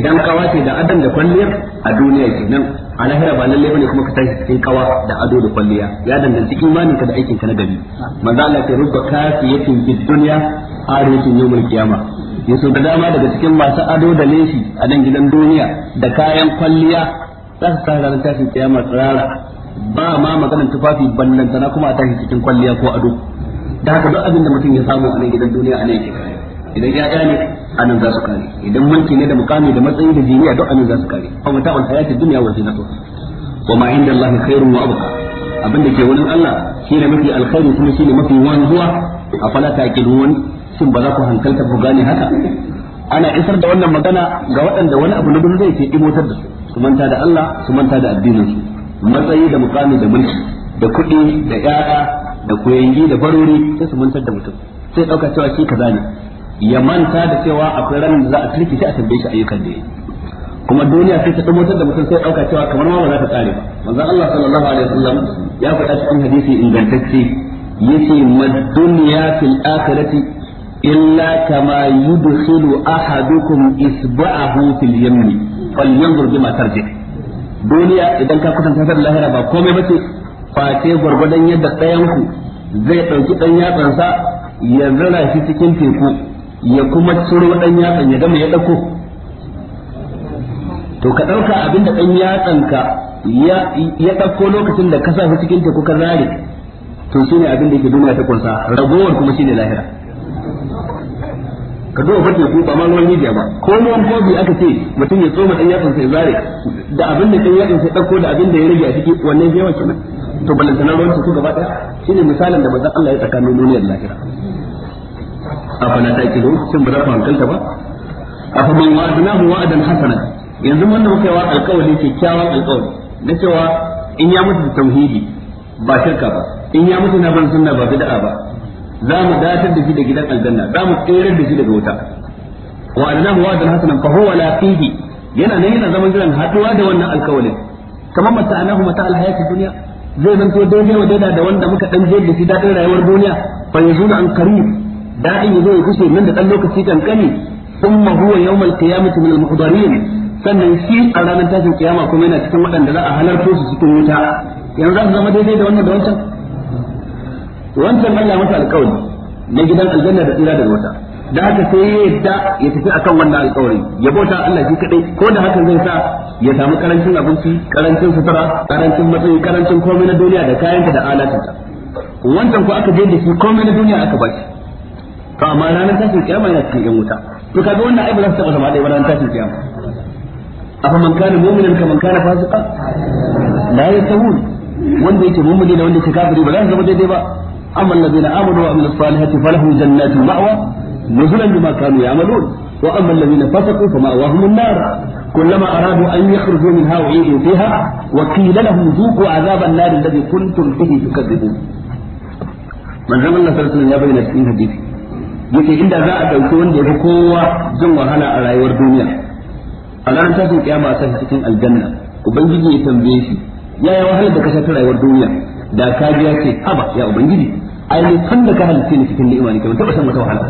idan kawa ce da adam da kwalliyar a duniya nan a lahira ba lalle bane kuma ka tashi cikin kawa da ado da kwalliya ya danganci imanin ka da aikin ka na gari manzo Allah ya rubba kafiyatin duniya dunya aratun yawmul kiyama ya so da dama daga cikin masu ado da leshi a nan gidan duniya da kayan kwalliya za su sa ranar tashin kiyama tsirara ba ma maganar tufafi ballantana kuma a tashi cikin kwalliya ko ado da haka duk abin da mutum ya samu a nan gidan duniya a nan yake idan ya ne a nan za su kare idan mulki ne da mukami da matsayi da jiniya duk a nan za su kare kuma ta wata hayatid duniya wa to wa ma inda Allah khairun wa abqa abinda ke wurin Allah shine mafi alkhairi kuma shine mafi wanzuwa afala ta'qilun shin ba za ku hankalta ku gane haka ana isar da wannan magana ga waɗanda wani abu na gudu zai ke imotar da su su manta da Allah su manta da addinin su matsayi da mukami da mulki da kuɗi da ƴaƴa da koyangi da barori sai su manta da mutum sai ɗauka cewa shi kaza ne ya manta da cewa akwai ranar da za a turki shi a tambaye shi ayyukan da ya kuma duniya sai ta dumotar da mutum sai ɗauka cewa kamar ma ba za ta tsare ba manzon Allah sallallahu alaihi wasallam ya faɗa cikin hadisi ingantacce yace mad dunya fil akhirati illa kama yudkhilu ahadukum isba'ahu fil yamni falyanzur bima tarji duniya idan ka kusanta da lahira ba komai ba face gwargwadon yadda ɗayan zai ɗauki ɗan yatsansa ya zira shi cikin teku ya kuma ciro ɗan yatsan ya ya ɗauko to ka ɗauka abinda ɗan yatsanka ya ɗauko lokacin da ka sa shi cikin teku ka zare to shine abin da yake duniya ta kunsa ragowar kuma shine lahira ka zo bace ku ba ma ruwan rijiya ba ko ruwan kofi aka ce mutum ya tsoma dan yatsan sai zare da abin da dan yatsan sai dauko da abin da ya rage a ciki wannan sai yawan kenan to balanta na ruwan su gaba daya shine misalin da manzon Allah ya tsakanin duniyar lahira na ta kido sun bara hankalta ba afa man wa'adnahu wa'adan hasana yanzu wanda muka yi wa alƙawari kyakkyawan alƙawari na cewa in ya mutu da tauhidi ba shirka ba in ya mutu na ban sunna ba bid'a ba za mu datar da shi da gidan aljanna za mu da shi daga wuta wa annahu wa'dan hasanan fa huwa laqihi yana nan yana zaman jiran haduwa da wannan alkawalin kamar mata anahu mata alhayati duniya zai zanto daidai wa daida da wanda muka dan jiyar da shi dadin rayuwar duniya fa yazuna an qarib da'in yazo ya kushe nan da dan lokaci kankani thumma huwa yawm alqiyamati min almuhdarin sannan shi a ranar tashin kiyama kuma yana cikin waɗanda za a halarto su cikin wuta yanzu za su zama daidai da wannan da wancan wancan Allah masa alƙawari na gidan aljanna da tsira da wata da haka sai ya yadda ya tafi akan wannan alƙawari ya bauta Allah shi kadai ko da haka zai sa ya samu karancin abinci karancin sutura karancin matsayi karancin komai na duniya da kayanta da alatinta wancan ko aka je da shi komai na duniya aka bashi to amma ranar tashin kiyama yana cikin yan wuta to kaga wannan ai ba za su taba zama da ranar tashin kiyama afa man kana mu'minan kaman kana fasiqa la yasawun wanda yake mu'mini da wanda yake kafiri ba za su zama daidai ba أما الذين آمنوا وعملوا الصالحات فلهم جنات المأوى نزلا بما كانوا يعملون وأما الذين فسقوا فمأواهم النار كلما أرادوا أن يخرجوا منها أعيدوا فيها وقيل لهم ذوقوا عذاب النار الذي كنتم به تكذبون من زمن الله صلى الله عليه وسلم حديث yake inda za a ɗauki wanda ya fi kowa jin wahala a rayuwar duniya a ranar tashin kiyama a sashi cikin aljanna ubangiji ya tambaye shi yaya wahalar da ka shafi rayuwar duniya da ka biya ce haba ya ubangiji ai kan da ka halitta ne cikin ni'ima ne kamar taɓa san wata wahala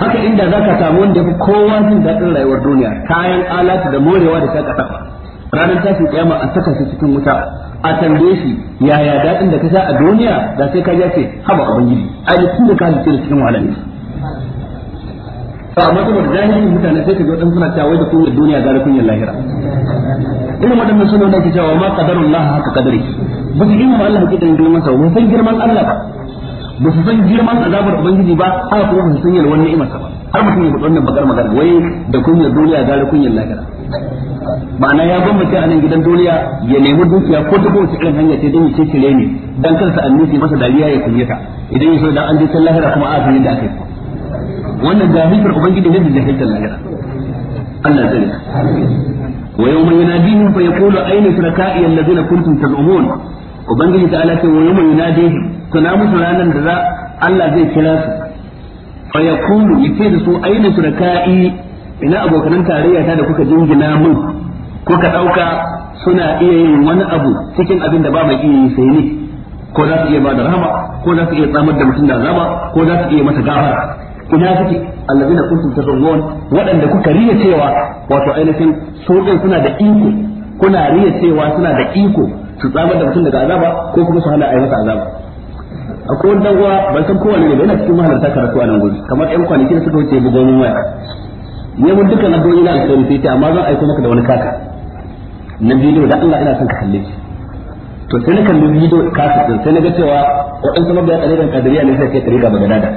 haka inda za zaka samu wanda fi kowa jin daɗin rayuwar duniya kayan alatu da morewa da ƙasa. ranar tashin kiyama a saka shi cikin wuta a tambaye shi yaya daɗin da ka sha a duniya da sai ka ce haba ubangiji ai kan da ka halitta ne cikin wahala ne to amma kuma da jahilin mutane sai ka ga wadansu suna cewa wai da kunyar duniya gara kunyar lahira irin waɗannan sunan da ke cewa ma qadarullah haka qadari ba su ilmu Allah ke dan girman sa ba san girman Allah ba ba su san girman azabar ubangiji ba haka kuma ba su san yalwan ni'imar sa ba har mutum ya wannan bakar magar wai da kunyar duniya gara kunyar lahira ma'ana ya gwamnati a nan gidan duniya ya nemi dukiya ko ta kowace irin hanya ce don ya ce ne dan kansa annufi masa dariya ya kunyata idan ya so dan an je can lahira kuma a san yadda aka yi wannan jahilcin ubangiji ne da jahilcin lahira Allah ya tsare wa yawma yunadihim fa yaqulu ayna shuraka'i alladhina kuntum tad'umun ubangiji ta'ala ce wa yawma yunadihim tuna musu ranar da za Allah zai kira su fa yaqulu yace da su ayna shuraka'i ina abokan tarayya ta da kuka jingina mun kuka dauka suna iya yin wani abu cikin abin da ba mai iya yi sai ne ko za su iya ba da rahama ko za su iya tsamar da mutum da azaba ko za su iya masa gafara munafiki allazina kuntum tazawwun waɗanda kuka riya cewa wato ainihin su din suna da iko kuna riya cewa suna da iko su tsama da mutum daga azaba ko kuma su hana a yi masa azaba akwai wani gwa ban san kowane ne ba yana cikin mahalarta karatu a nan gudu kamar ɗan kwanaki da suka wuce bugonin waya ne mun dukkan addu'o'i na alkhairi sai ta amma zan aiko maka da wani kaka na bidiyo da Allah ina son ka kalle shi to sai na kalli bidiyo kaka din sai na ga cewa waɗansu mabiya ɗariƙan kadiriya ne sai kai magana da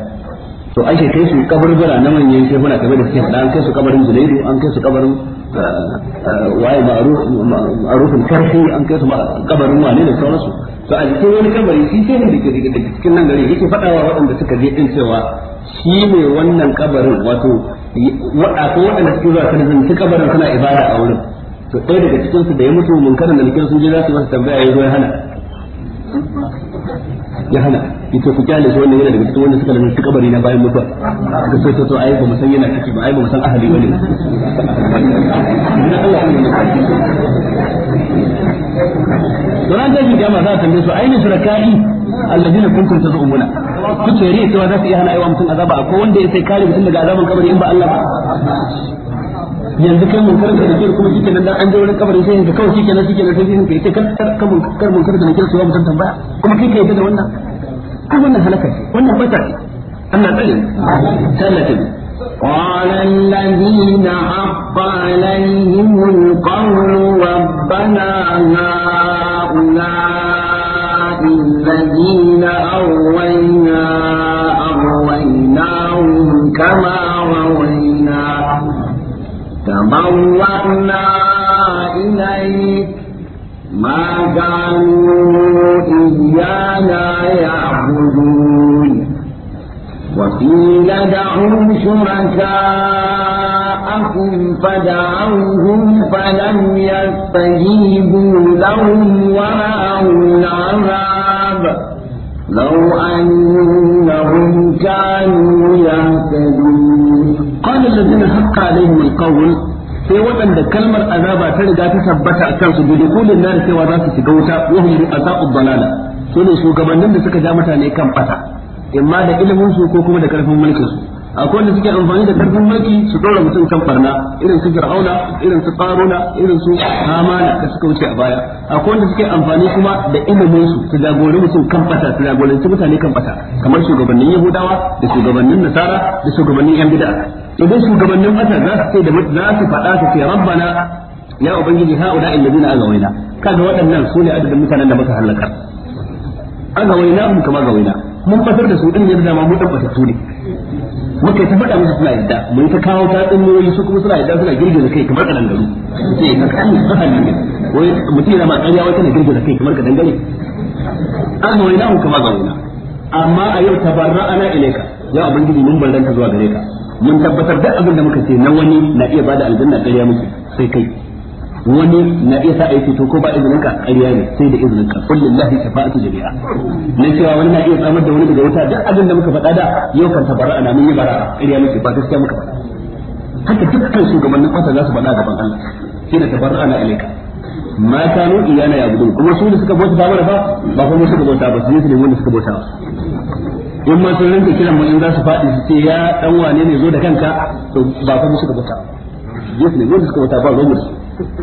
to ake kai su gara na manyan shehuna kamar da suke hada an kai su kabarin zubairu an kai su kabarin uh, waye ma'arufin karfi an kai su kabarin wane da sauransu to a jikin wani kabari shi sai ne da ke cikin nan gari yake fadawa waɗanda suka je din cewa shi ne wannan kabarin wato waɗanda waɗanda suke zuwa sanin su kabarin suna ibada a wurin to ɗaya daga cikin su da ya mutu mun karan da likin sun je za su masa tambaya ya zo ya hana ya hana yace ku kyale shi wannan yana daga cikin wanda suka lalata kabari na bayan mutuwa ka so to to ai ba mu san yana ciki ba ai ba mu san ahali bane Duran tashin kiyama za a tambaye su ainihin shirakai alladina kuntum tazumuna kuke riya cewa za su iya hana aiwa mutum azaba ko wanda ya sai kare mutum daga azaban kabari in ba Allah ba yanzu kai mun karanta da kira kuma shike nan dan an je wurin kabarin sai yanzu kawai shike nan shike nan sai sai kai kar kar mun karanta da kira su ba mutum tambaya kuma kai kai da wannan ai wannan halaka ce wannan bata ce Allah tsare sallata ne قال الذين حق عليهم القول ربنا هؤلاء الذين أغوينا أغويناهم كما روينا تبوأنا إليك ما كانوا إيانا يعبدون تعبدون وقيل دعوا شركاءكم فدعوهم فلم يستجيبوا لهم ورأوا العذاب لو أنهم كانوا يهتدون قال الذين حق عليهم القول sai waɗanda kalmar azaba ta riga ta tabbata a kansu bi dukulin nar cewa za su shiga wuta wahum ru'asa'u dalala su ne shugabannin da suka ja mutane kan fata imma da ilimin su ko kuma da karfin mulkin su akwai wanda suke amfani da karfin mulki su dora mutum kan barna irin su fir'auna irin su qaruna irin su hamana da suka wuce a baya akwai wanda suke amfani kuma da ilimin su su jagori mutum kan fata su jagoranci mutane kan fata kamar shugabannin yahudawa da shugabannin nasara da shugabannin yan bid'a idan shugabannin fata za su ce da za su faɗa su ce rabbana ya ubangiji ha'ula alladhina azawaina kaga waɗannan su ne adadin mutanen da muka halaka aga waina mun kama ga waina mun fasar da su din ne da ma mu tabbata su ne muka ta faɗa musu suna yadda mun ta kawo ta ne su kuma suna yadda suna girgiza kai kamar ka dangaro sai ka kan hakan ne wai mutum yana ma ƙarya wai ne girgiza kai kamar ka dangare aga waina mun kama ga waina amma a yau ana ileka ya ubangiji mun barranta zuwa gare ka mun tabbatar da abin da muka ce na wani na iya bada aljanna ƙarya muke sai kai wani na iya sa aiki to ko ba izinin ka ƙarya ne sai da izinin ka kullu lillahi shafa'atu jami'a na cewa wani na iya samar da wani daga wuta duk abin da muka faɗa da yau kan tabara ana mun yi bara ƙarya muke ba gaskiya muka faɗa haka dukkan shugabannin fata za su faɗa gaban Allah shi da tabarra ana ilaika ma kanu iyana ya gudu kuma su da suka bauta ba mara ba ba kuma suka bauta ba su ne su ne wanda suka bauta in ma sun rinka kiran mu in za su faɗi su ce ya ɗan wane ne zo da kanka to ba kuma suka bauta ba shirye ne wanda suka wata ba ruwan su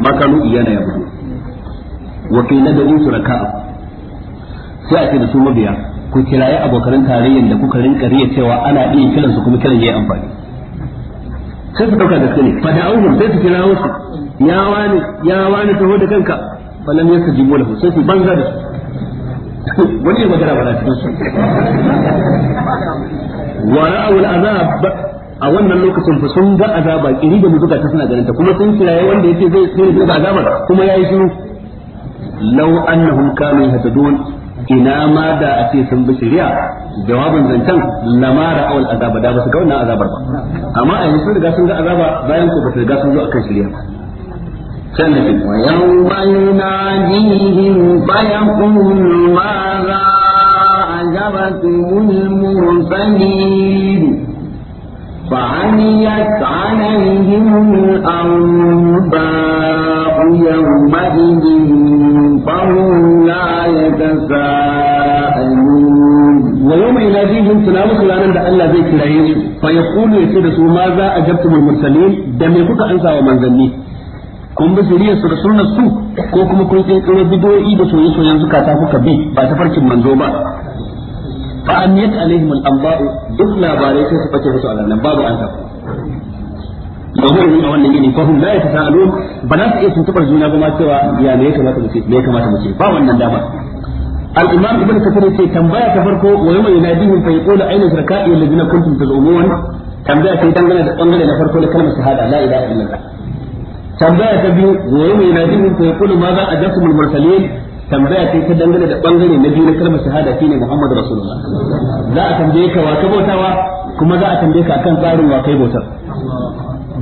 ma kanu iyana ya budu wa kai na gari su raka'a sai a ce da su mabiya ku kiraye abokan tarayyan da kuka rinka riya cewa ana iya kiran su kuma kiran yayi amfani sai su dauka gaske ne fa da'awhum sai su kirawo su ya wani ya wani taho da kanka fa lam yastajibu lahu sai su banza da su wani magana ba da cikin su wa ra'awul azab a wannan lokacin fa sun ga azaba kiri da mutuka ta suna ganin ta kuma sun kiraye wanda yake zai tsere da azabar kuma yayi shiru law annahum kanu yahtadun ina ma da a ce sun bi shari'a jawabin zancen lamara awal azaba da ba su ga wannan azabar ba amma a yanzu riga sun ga azaba bayan ko ba su riga sun zo akan shari'a سنة ويوم يناديهم فيقول ماذا أجبتم المرسلين فعميت عليهم الأنباء يومئذ فهم لا يتساءلون ويوم يناديهم تنامك لأن الله زي كلاهيس فيقول يسير ماذا أجبتم المرسلين دم يكوك أنسى ومن ذنبي kun bi shirya su da sunan su ko kuma kun kirkiro bidoyi da soyayya soyayya zukata kuka bi ba ta farkin manzo ba fa an yat alaihim duk labarai sai su fake musu a nan babu an tafi domin yin a wannan yini fahim la yatasaalun ba za su iya tuntubar juna ba ma cewa ya me kamata mu ce me ya kamata mu ce ba wannan dama الإمام ابن كثير في تنبأ كفركو ويوم tambaya فيقول dangane شركائي الذين كنتم تزعمون تنبأ في تنبأ تنبأ نفركو لكلمة شهادة لا إله إلا الله تنبأ تبي ويوم يناديهم فيقول ماذا أجبتم المرسلين tambaya ce ta dangane da bangare na biyu na kalmar shahada shine Muhammadu Rasulullah za a tambaye ka wa ka bautawa kuma za a tambaye ka akan tsarin wa kai bautar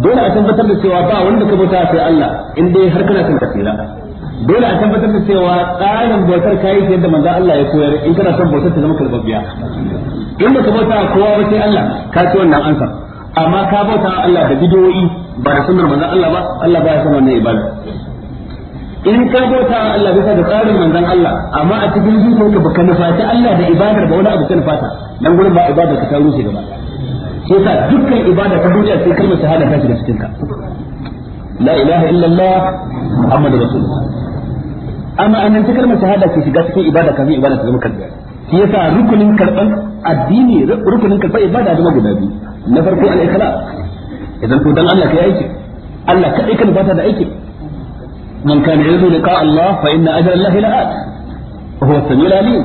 dole a tabbatar da cewa ba wanda ka bauta sai Allah in dai har kana son kafira dole a tabbatar da cewa tsarin bautar kai sai da manzo Allah ya koyar in kana son bautar ta zama kalbabbiya in ba ka bauta kowa ba sai Allah ka ci wannan ansa amma ka bauta Allah da bidiyoyi ba da sunnar manzo Allah ba Allah ba ya san wannan ibada in ka bauta Allah bisa da tsarin manzon Allah amma a cikin zuciyarka baka nufaci Allah da ibadar ba wani abu ka nufata nan gurin ba ibadar ka ta rushe gaba sai sa dukkan ibada ta duniya sai kalmar shahada ta shiga cikin ka la ilaha illallah muhammadur rasulullah amma annan ta kalmar shahada ke shiga cikin ibada kafin ibada ta zama kalbiya shi yasa rukunin karban addini rukunin karban ibada zama guda biyu na farko al-ikhlas idan to dan Allah kai aiki Allah kadai kan nufata da aiki من كان يرجو لقاء الله فإن أجل الله لآت وهو السميع العليم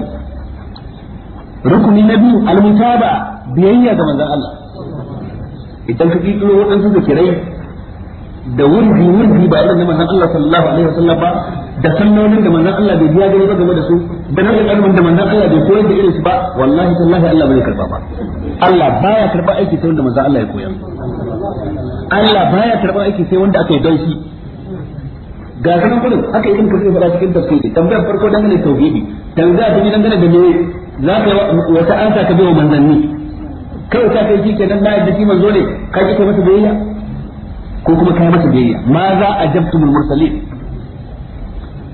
ركن النبي المتابعة بيئة من ذا الله idan ka ji tsoro waɗansu da kirai da wurfi wurfi ba irin da manzon Allah sallallahu alaihi wasallam ba da sallolin da manzon Allah bai biya gari game da su da nan kalman da manzon Allah bai koyar da irin su ba wallahi tallahi Allah bai karba ba Allah baya karba aiki sai wanda manzon Allah ya koyar Allah baya karba aiki sai wanda aka yi don shi ga sanan kullum haka yake kace faɗa cikin tafsiri tambayar farko dangane ne tauhidi tambaya ta biyu gane da me za ka wata ansa ka biyo manzanni kai ka kai kike kenan na yadda manzo ne ka kike kai masa biyayya ko kuma kai masa biyayya ma za a jabtu mul mursalin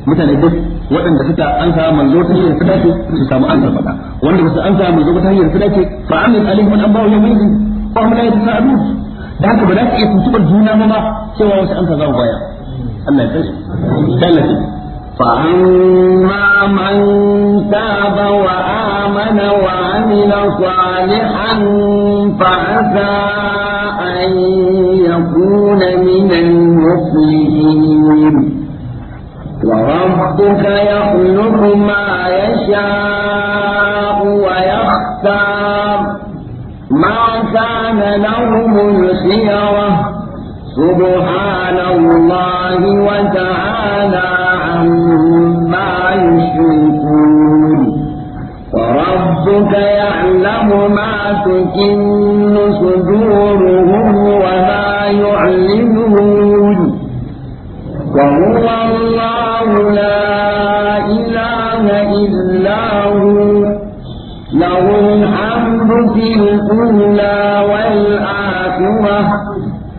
mutane duk waɗanda suka an samu manzo ta hanyar fita ce su samu an sa fada wanda ba su an samu manzo ta hanyar fita ce fa amin alaihim an ba'u yawmin fa hum la yatasaalun da haka ba za ka iya tuntuɓar juna ma cewa wasu an sa za mu baya. Allah ya tsare tallafi فأما من تاب وآمن وعمل صالحا فعسى أن يكون من المفلحين وربك يخلق ما يشاء يعلم ما تكن صدورهم وما يعلنون وهو الله لا إله إلا هو له الحمد في الأولى والآخرة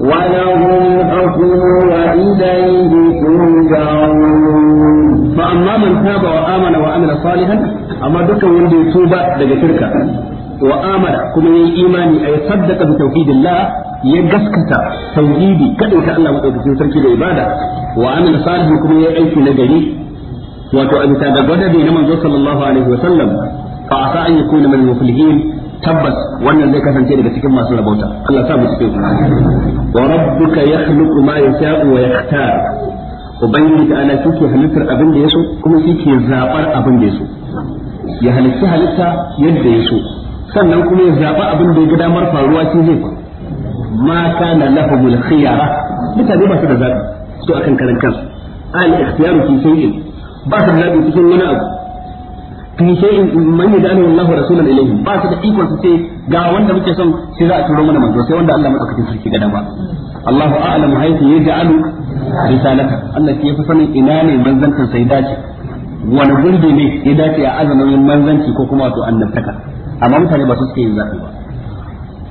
وله الحكم وإليه ترجعون فأما من تاب وآمن وعمل صالحا أما دكا wanda توبة tuba wa amana kuma yayi imani ay saddaqa bi tauhidillah ya gaskata tauhidi kada ta Allah madaukakin sarki da ibada wa amila salihu kuma yayi aiki na gari wato a bisa da gwadabi na manzo sallallahu alaihi wa sallam fa asa an yakuna min muflihin tabbas wannan zai kasance daga cikin masu rabauta Allah sa mu cikin wa rabbuka yakhluqu ma yasha'u wa yakhtar ubangiji ta ana shi ke halittar abin da ya yaso kuma shi ke zabar abin da ya yaso ya halitta halitta yadda ya yaso sannan kuma ya zaɓa abin da ya ga damar faruwa shi zai fa ma kana lahumul khiyara mutane ba su da zaɓi su akan karan kansu al ikhtiyaru fi shay'in ba su da zaɓi cikin wani abu fi shay'in man yaj'alu Allahu rasulan ilayhi ba su da ikon su sai ga wanda muke son sai za a turo mana manzo sai wanda Allah madaukakin sarki ga dama Allahu a'lamu haythu yaj'alu risalata Allah ke fi sanin ina ne manzantan sai dace wani gurbi ne ya dace a azumin manzanci ko kuma wato annabtaka amma mutane ba su suke yin zaɓi ba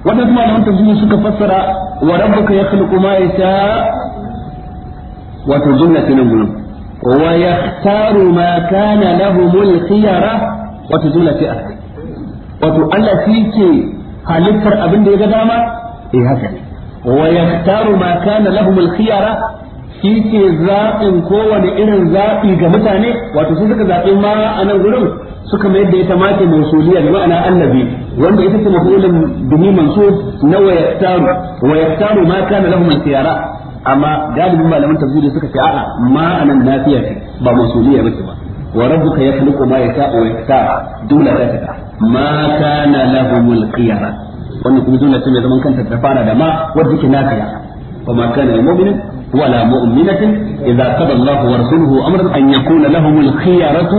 waɗansu malaman tafsiri suka fassara wa rabbuka yakhluqu ma yasha wato jumla ta nan gurin wa yahtaru ma kana lahumul khiyara wato jumla ta akai wato Allah shi ke halittar abin da ya ga dama eh haka ne wa yahtaru ma kana lahumul khiyara shi ke zaɓin kowane irin zaɓi ga mutane wato sun suka zaɓi ma a nan gurin suka mayar da ita mace mausuliya da ma'ana annabi wanda ita ce mafulun dumi mansub na wa yaktaru wa yaktaru ma kana lahum al-khiyara amma galibin malaman tafsiri suka ce a'a ma anan nafiya ce ba mausuliya bace ba wa rabbuka yakhluqu ma yasha'u wa yaktar dole da ta ma kana lahum al-khiyara wannan kuma dole ce mai zaman kanta ta fara da ma wanda ke nafiya wa ma kana lil mu'minin ولا مؤمنة إذا قضى الله ورسوله أمرا أن يكون لهم الخيرة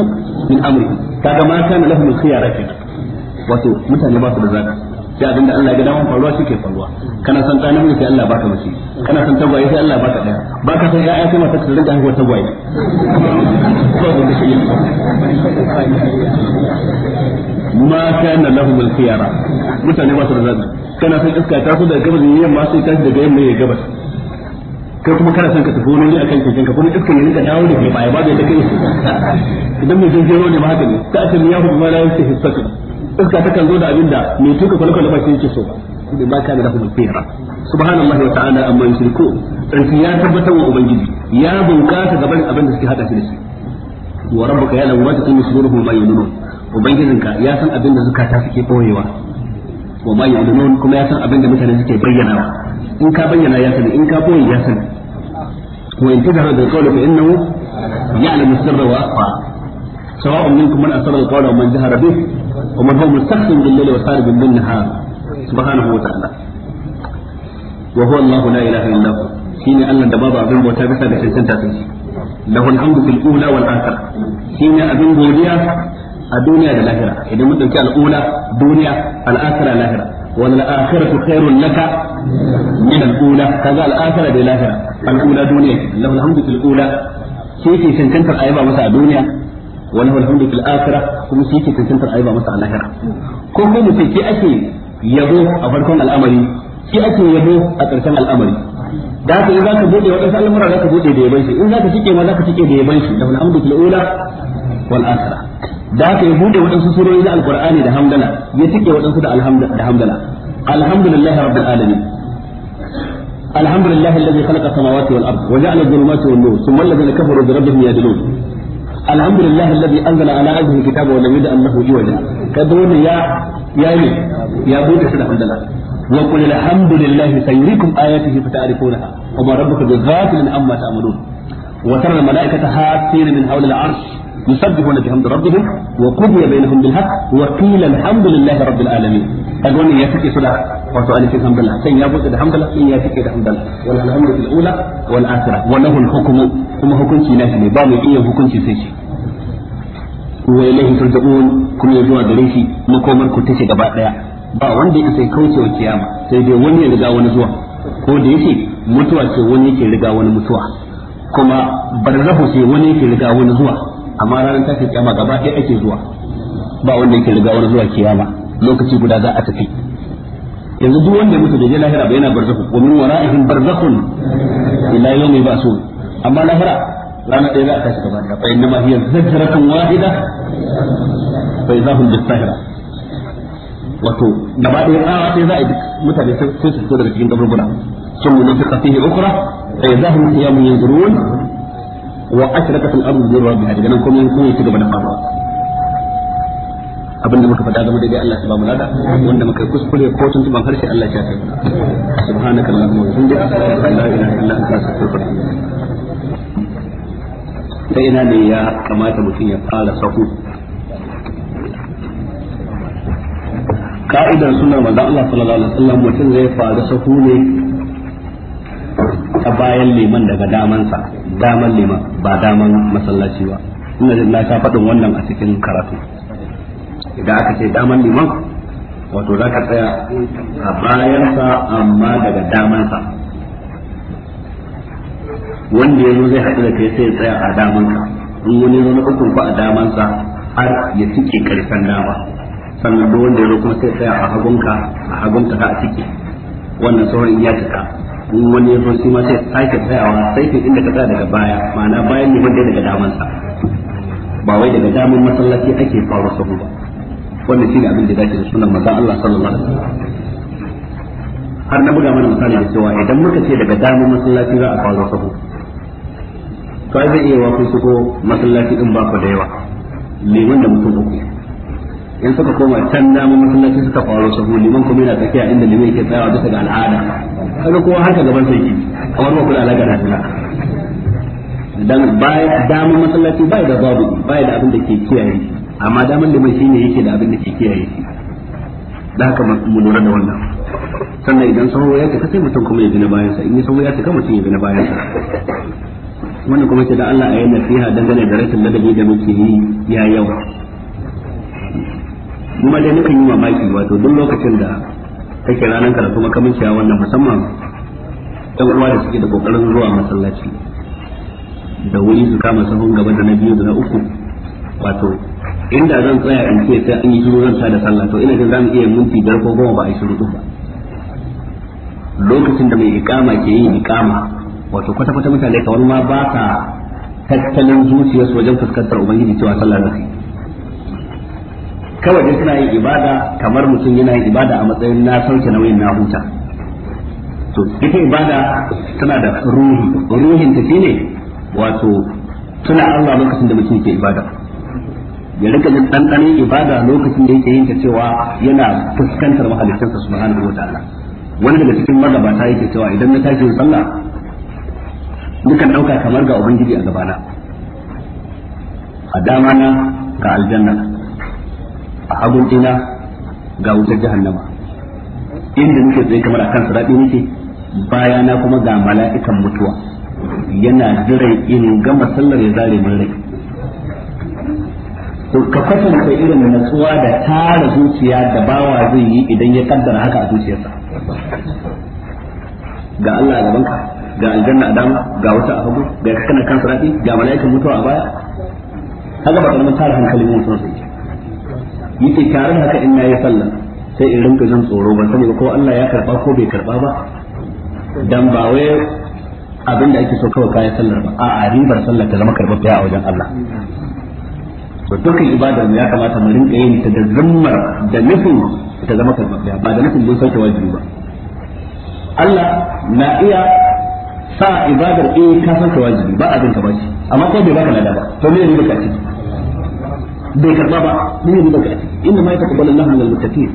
min amri kaga ma kana lahum khiyara kenan wato mutane ba su da zaka sai abinda Allah ya ga dama faruwa shi ke faruwa kana san tsanin sai Allah baka mace kana san tagwaye sai Allah baka daya baka san ya'ya sai mata ka rinka haihuwa tagwaye ma kana lahu min khiyara mutane ba su da zaka kana san iska ta so daga gabas ne yamma sai tashi daga yamma ya gabas kai kuma kana son ka tafi wani ne akan keken ka kuma iska ne ka dawo da ke baya ba bai da kai idan mai jirgin ne ba haka ne ta asali ya hudu ma yake hissaka iska ta kan zo da abin da mai tuka kwale ba shi yake so ba ba ka da lahumul fira subhanallahi wa ta'ala amma yushriku dan ya tabbatar wa ubangiji ya bunkasa gaban abin da suke haɗa shi da shi wa rabbuka ya lamu mata tun suruhu ma yunun ubangijinka ya san abin da zukata suke koyewa wa ma yunun kuma ya san abin da mutane suke bayyanawa in ka bayyana ya sani in ka koyi ya sani wa in tadhara bil qawli fa innahu ya'lamu sirra wa akhfa sawa'un minkum man asarra al qawla wa man jahara bih wa man huwa mustakhfin bil layli wa saribun bin nahar subhanahu wa ta'ala wa huwa allah la ilaha illa hu shine allah da babu abin bauta bisa da cancanta sai shi lahu alhamdu fil ula wal akhirah shine abin godiya a duniya da lahira idan mun dauki al ula duniya al akhirah lahira wal akhiratu khairun laka min al-ula kaga al-akhirah da duniya lahu al-hamdu fil ula masa a duniya wa lahu al kuma shi yake cancantar ayaba masa a lahira ko mu mutum ki ake yabo a farkon al'amari ki ake yabo a ƙarshen al'amari da in zaka bude wadansu al'amura ka bude da yaban shi in zaka cike ma ka cike da yaban shi da al-hamdu fil ula wal da haka ya bude waɗansu surori na alkur'ani da hamdana ya tike waɗansu da hamdana alhamdulillahi rabbil alamin الحمد لله الذي خلق السماوات والأرض وجعل الظلمات والنور ثم الذين كفروا بربهم يدلون الحمد لله الذي أنزل على عبده الكتاب ولم يدعن له عوجا كدون يا يا لي يا بود الحمد لله وقل الحمد لله سيريكم آياته فتعرفونها وما ربك بغافل عما تعملون وترى الملائكة هاتين من حول العرش yusabbihuna bihamdi rabbihim wa qudiya bainahum bil haqq wa qila alhamdulillahi rabbil alamin kaga wannan ya take su da wato alifin hamdala sai ya bude da hamdala sai ya take da hamdala wal alhamdu fil ula wal akhirah wa lahu al hukmu kuma hukunci na shi ne ba mu iya hukunci sai shi wa ya zuwa shi ku gaba daya ba wanda yake sai kauce wa kiyama sai dai wani ya riga wani zuwa ko da yake mutuwa ce wani yake riga wani mutuwa kuma barzahu sai wani yake riga wani zuwa amma ranar tashin kiyama gaba ɗaya ake zuwa ba wanda yake riga wani zuwa kiyama lokaci guda za a tafi yanzu duk wanda ya mutu da je lahira ba yana barzakhu wa min wara'ihim barzakhun ila yawmi basu amma lahira rana ɗaya za a tashi gaba ɗaya fa inna ma hiya zajratun wahida fa idahum bisahira wato gaba ɗaya tsawa sai za a yi mutane sai su fito daga cikin kaburbura sun mun fi qatihi ukhra fa idahum qiyamun yanzurun wa ashraqat al-ardu bi rabbiha daga nan kuma kuma ci gaba da fara abinda muka fada game da dai Allah subhanahu wa ta'ala wanda muka kuskure ko tun ban harshe Allah ya tafi subhanaka allahumma wa bihamdika ashhadu an la ilaha illa anta astaghfiruka wa atubu ta ina ne ya kamata mutum ya fara sahu ka'idar sunnar manzon Allah sallallahu alaihi wasallam mutum zai fara sahu ne a bayan liman daga damansa daman lima ba daman masallaci ba ina jin na faɗin wannan a cikin karatu idan aka ce daman liman wato za ka tsaya a bayansa amma daga damansa wanda ya zo zai haɗu da kai sai ya tsaya a damansa in wani zo na ukun ba a damansa har ya cike karfin dama sannan duk wanda ya zo kuma sai tsaya a hagunka a hagunka ka a cike wannan sauran ya cika in wani ya zo shi ma sai sake tsayawa sai fi inda ka tsaya daga baya ma'ana bayan ne wanda daga damansa ba wai daga daman masallaci ake fara sahu ba shi ne abin da zaki da sunan maza Allah sallallahu alaihi har na buga mana misali da cewa idan muka ce daga daman masallaci za a fara sahu to ai zai iya wa ku shigo masallaci din ba ku da yawa liman da mutum uku in suka koma can daman masallaci suka faru sahu liman kuma yana tsakiya inda liman ke tsayawa bisa ga al'ada kaga kowa haka gaban sai ki a wani kula alaka da tana dan bai dama masallaci bai da babu bai da abin da ke kiyaye amma daman da mai shine yake da abin da ke kiyaye da haka mu lura da wannan sannan idan sauro ya ka sai mutum kuma ya bi na bayan sa in ya sahu ya ka mutum ya bi na bayan sa wannan kuma ce da Allah a yi nasiha dangane da rashin ladabi da muke yi ya yawa kuma dai nufin yi mamaki wato duk lokacin da take ranar karatu makamanci a wannan musamman ɗan uwa da suke da kokarin zuwa masallaci da wuri su kama sahun gaba da na biyu da uku wato inda zan tsaya in ce sai an yi shiru zan da sallah to ina jin zamu iya minti biyar ko goma ba a yi shiru ba lokacin da mai ikama ke yin ikama wato kwata kwata mutane kamar ma ba ka tattalin zuciyarsu wajen fuskantar ubangiji cewa sallah zai kawai dai suna yin ibada kamar mutum yana yin ibada a matsayin na sauke nauyin na huta to ita ibada tana da ruhi ruhin ta shine wato tuna Allah lokacin da mutum yake ibada ya rika jin ɗanɗanin ibada lokacin da yake yin ta cewa yana fuskantar sa subhanahu wa ta'ala wani daga cikin magabata yake cewa idan na tashi sallah nukan ɗauka kamar ga ubangiji a gabana a dama na ga aljanna a hagun dina ga wutar jahannama inda nake tsaye kamar akan muke nake bayana kuma ga mala'ikan mutuwa yana jiran in gama sallar ya zare min rai to ka kwatanta irin natsuwa da tara zuciya da bawa zai yi idan ya kaddara haka a zuciyarsa ga Allah a gabanka ga aljanna a dama ga wata a hagu ga kana kan sarati ga mala'ikan mutuwa a baya haka ba karamin tara hankalin mutum sai yake tare da haka in nayi sallah sai in rinka jin tsoro ban sani ba ko Allah ya karba ko bai karba ba dan ba wai abin da ake so kawai kayan sallar ba a'a ribar sallar ta zama karbabbiya a wajen Allah to dukkan ibadar ya kamata mu rinka yin ta da zammar da nufin ta zama karbabbiya ba da nufin don sauke wajibi ba Allah na iya sa ibadar eh ka sauke wajibi ba abin ka shi amma kai bai baka lada ba to me ne ka ciki bai karba ba mun yi baka inna ma yataqabbalu Allahu minal muttaqin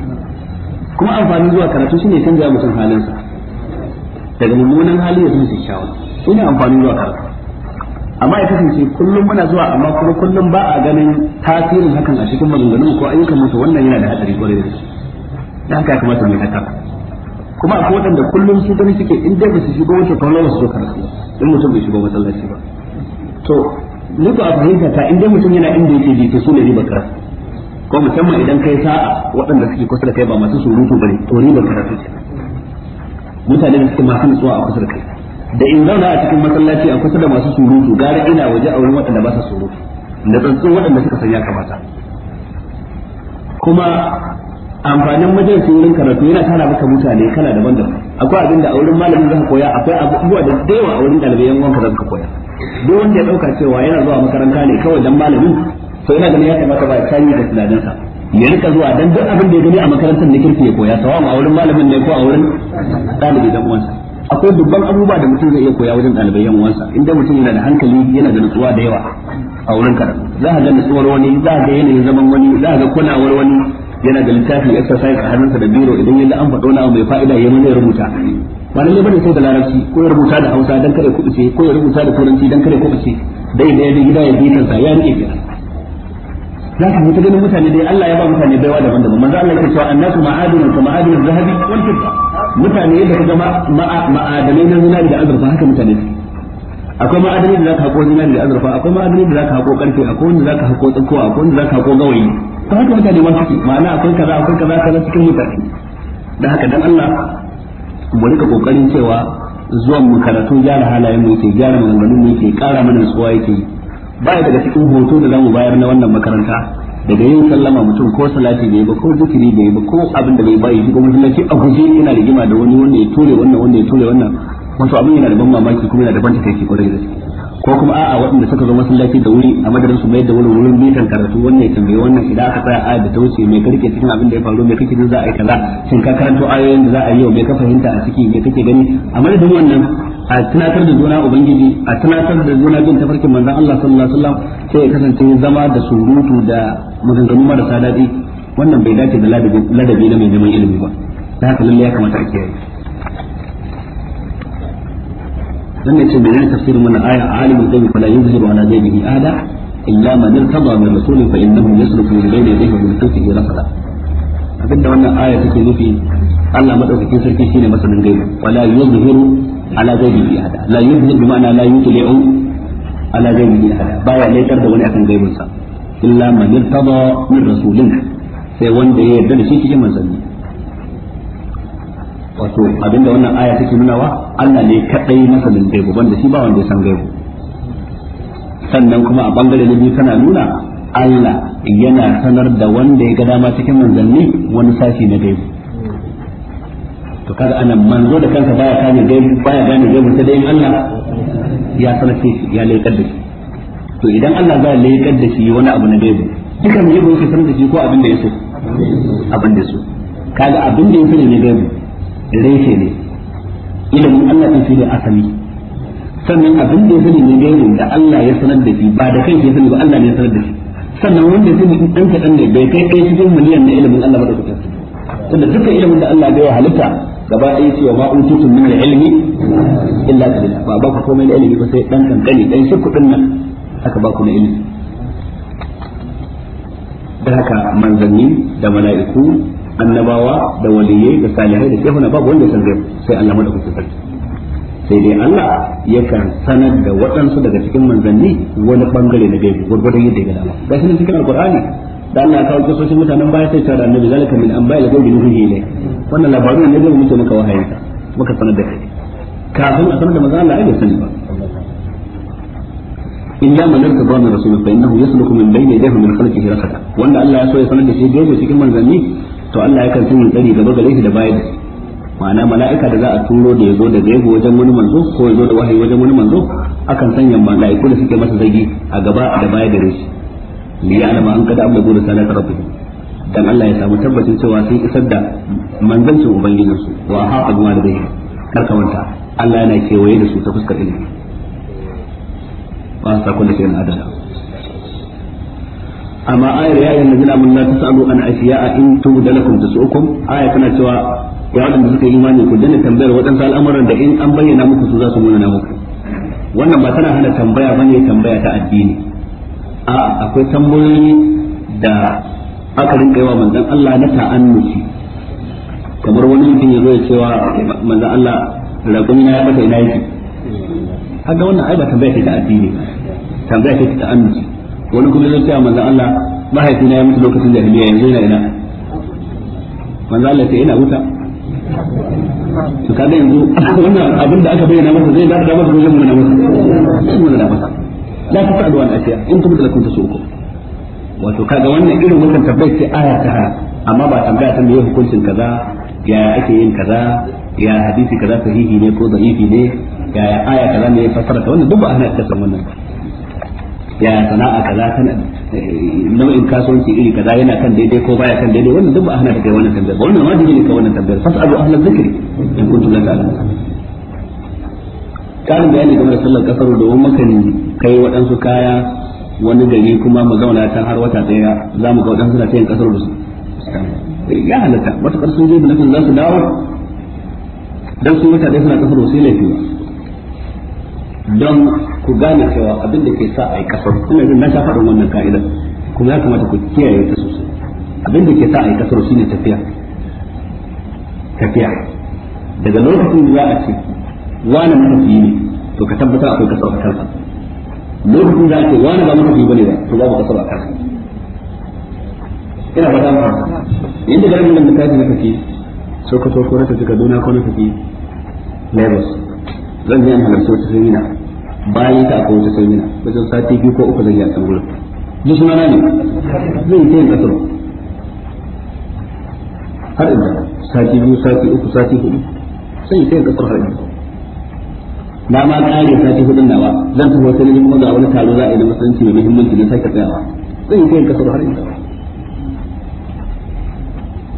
kuma amfanin zuwa karatu shine canza mutum halinsa daga mummunan hali ya zama shawar shine amfanin zuwa karatu amma ya kasance kullum muna zuwa amma kuma kullum ba a ganin tasirin hakan a cikin maganganun ko ayyukan mutum wannan yana da hatsari kwarai da dan haka ya kamata mu haka kuma akwai waɗanda kullum su gani suke in dai ba su shigo wata kwallo su zo karatu in mutum bai shigo masallaci ba to duk a fahimta ta inda mutum yana inda yake ji to su ne riba kara ko musamman idan kai sa'a waɗanda suke kusa da kai ba masu surutu bane to riba kara su mutane da suke masu nutsuwa a kusa da kai da in zauna a cikin masallaci a kusa da masu surutu gara ina waje a wurin waɗanda ba su surutu da tsantsun waɗanda suka sanya kamata kuma amfanin majalisi wurin karatu yana tara maka mutane kana daban-daban akwai abin da a wurin malamin zaka koya akwai abubuwa da dayawa a wurin dalibai yan wanka zaka koya duk wanda ya dauka cewa yana zuwa makaranta ne kawai dan malamin to yana ganin ya kamata ba kai da tunanin sa ya rika zuwa dan duk abin da ya gani a makarantar ne kirki ya koya sawa a wurin malamin ne ko a wurin dalibi dan uwansa akwai dubban abubuwa da mutum zai iya koya wajen dalibai yan uwansa inda mutum yana da hankali yana da nutsuwa da yawa a wurin karatu za ka ga nutsuwar wani za ka ga yanayin zaman wani za ka ga kunawar wani yana da littafi exercise a hannunsa da biro idan yalla an faɗo na mai fa'ida ya mana rubuta ba lalle bane sai da larabci ko ya rubuta da Hausa dan kare kubuce ko ya rubuta da turanci dan kare kubuce dai da gida ya bitan sa ya rike kenan za ka mutu ganin mutane dai Allah ya ba mutane baiwa daban-daban manzo Allah yake cewa annasu ma'adinun kuma ma'adinun zahabi wal fidda mutane yadda kaga ma'adanai na zinari da azurfa haka mutane akwai ma'adanai da zaka hako zinari da azurfa akwai ma'adanai da zaka hako karfe akwai wanda zaka hako tsakowa akwai wanda zaka hako gawayi ta haka mutane ma suke ma'ana akwai kaza akwai kaza kaza cikin mutane da haka dan Allah mu rika kokarin cewa zuwan mu karatu gyara halayen mu yake gyara maganganun mu yake kara mana nutsuwa yake baya daga cikin hoto da zamu bayar na wannan makaranta daga yin sallama mutum ko salati bai ba ko zikiri bai ba ko abin da bai ba yi ko masallaci a guje yana rigima da wani wanda ya tole wannan wanda ya tole wannan wato abin yana da ban mamaki kuma yana da ban take kwarai da gaske ko kuma a'a waɗanda suka zo masallaci da wuri a madadin su mai da wani wurin bitan karatu wannan ya tambaye wannan idan aka tsaya aya da ta wuce mai karke cikin abin da ya faru mai kake za a yi kaza shin ka karanto ayoyin da za a yi wa mai ka fahimta a ciki mai kake gani a madadin wannan a tunatar da juna ubangiji a tunatar da juna bin tafarkin manzon Allah sallallahu alaihi wasallam sai ya kasance zama da surutu da maganganu marasa daɗi wannan bai dace da ladabi na mai neman ilimi ba da haka lalle ya kamata a kiyaye dan ne ce menene tafsirin wannan aya alimul ghaibi fala yuzhiru ala ghaibihi ahada illa man irtada min rasulin fa innahu yasrufu min ghaibi yadihi min abinda wannan aya take nufi Allah madaukakin sarki shine masanin gaibi wala yuzhiru ala ghaibihi ahada la yuzhiru bi ma'ana la yutli'u ala ghaibihi ahada baya laikar da wani akan gaibinsa illa man irtada min rasulin sai wanda ya yarda da shi cikin manzanni wato abinda wannan aya take nuna wa Allah ne kadai masanin gaibu banda shi ba wanda ya san gaibu sannan kuma a bangare na biyu tana nuna Allah yana sanar da wanda ya ga dama cikin manzanni wani sashi na gaibu to kaga anan manzo da kansa baya gane gaibu baya gane gaibu sai dai Allah ya sanar shi ya laikar da shi to idan Allah ba ya laikar da shi wani abu na gaibu dukan gaibu yake sanar da shi ko abin da ya so abin da ya so kaga abin da ya ne gaibu reshe ne ilimin Allah din shi ne asali sannan abin da ya sani ne gairin da Allah ya sanar da shi ba da kai ya sani ba Allah ne ya sanar da shi sannan wanda ya sani dan kadan ne bai kai kai cikin miliyan na ilimin Allah ba da kuka tunda dukkan ilimin da Allah bai halitta gaba ɗaya cewa ma utitu min ilmi illa qalila ba ba ku komai da ilimi ba sai dan kankani dan shi kudin nan aka ba ku na ilimi da haka manzanni da mala'iku annabawa da waliyai da salihai da shehuna babu wanda san gaibu sai Allah madaukakin sarki sai dai Allah yakan sanar da waɗansu daga cikin manzanni wani bangare na gaibu gurgurdan yadda ya ga dama ga shi cikin alqur'ani da Allah ya kawo kisoshin mutanen baya sai ta da annabi zalika min anba'il ghaibi nuhihi ilayk wannan labarin ne da muke maka wahayi ka muka sanar da kai kafin a sanar da manzo Allah ai sani ba illa man yarka dhamma rasulun fa innahu yasluku min bayni yadayhi min khalqihi raqata wanda Allah ya so ya sanar da shi gaibu cikin manzanni to Allah yakan sanya tsari gaba gare shi da baya da shi ma'ana mala'ika da za a turo da ya zo da gaibu wajen wani manzo ko yazo da wahayi wajen wani manzo akan sanya mala'iku da suke masa zagi a gaba da baya da shi li ya'lama an kada abdu da rabbi dan Allah ya samu tabbacin cewa sun isar da manzancin ubangijin su wa ha abuwa da bai karkawanta Allah yana kewaye da su ta fuskar ilimi ba sa kullu shay'in adala amma ayar ya ayyana zina mun la tasalu an ashiya'a in tubda lakum tasukum aya tana cewa ya wadanda suka yi imani ku dana tambayar wadansu al'amuran da in an bayyana muku su za su nuna muku wannan ba tana hana tambaya bane tambaya ta addini a akwai tambayoyi da aka yawa Allah na kamar wani mutum ya zo ya cewa manzon Allah raƙumi na ya bata ina yake haka wannan ai ba tambaya ce ta addini tambaya ce ta ta'annuci wani kuma zai tsaya manzon Allah mahaifina ya mutu lokacin jahiliya yanzu yana ina manzon Allah ce ina wuta to kada yanzu wannan abin da aka bayyana masa zai dada masa wajen mun masa zai mun da masa la tasalu an asiya in kuma da kunta suku wato kaga wannan irin wannan tabbai sai aya ta amma ba tambaya ta me hukuncin kaza ya ake yin kaza ya hadisi kaza sahihi ne ko da'ifi ne ya aya kaza ne fasara ta wannan duk ba ana ta san wannan ba ya sana'a kaza tana eh, nau'in kasuwanci iri kaza yana kan daidai ko baya kan daidai wannan duk ba hana kai wannan tambayar ba wannan wajibi ne ka wannan tambayar fasalu ahlan zikri in kuntum la ta'lamun kan da yake kamar sallar kasar domin makan kai waɗansu kaya wani gari kuma mu zauna ta har wata daya za mu ga waɗansu na tayin kasar da su ya halatta matuƙar sun je da nufin za su dawo dan su mutane suna kasar da su laifi don ku gane cewa abin da ke sa a yi kasar ina jin na sha faɗin wannan ka'idar kuma ya kamata ku kiyaye ta sosai abin da ke sa a yi kasar shine tafiya tafiya daga lokacin da za a ce wani matafiyi ne to ka tabbatar akwai kasar a kansa lokacin da a ce wani ba matafiyi bane ba to mu kasar a kansa ina fata ma inda garin nan da tafi na tafi so ko na tafi kaduna ko na tafi lagos zan yi in halarci wata semina bayan ta akwai wata semina wajen sati biyu ko uku zan yi a tsangula wurin duk suna na ne zan ta yin kasar har inda sati biyu sati uku sati hudu sai yi ta yin kasar har inda na ma kare sati hudun nawa zan tafi wata ne kuma ga wani taro za a yi da masanci mai muhimmanci na sake tsayawa zan yi ta yin kasar har inda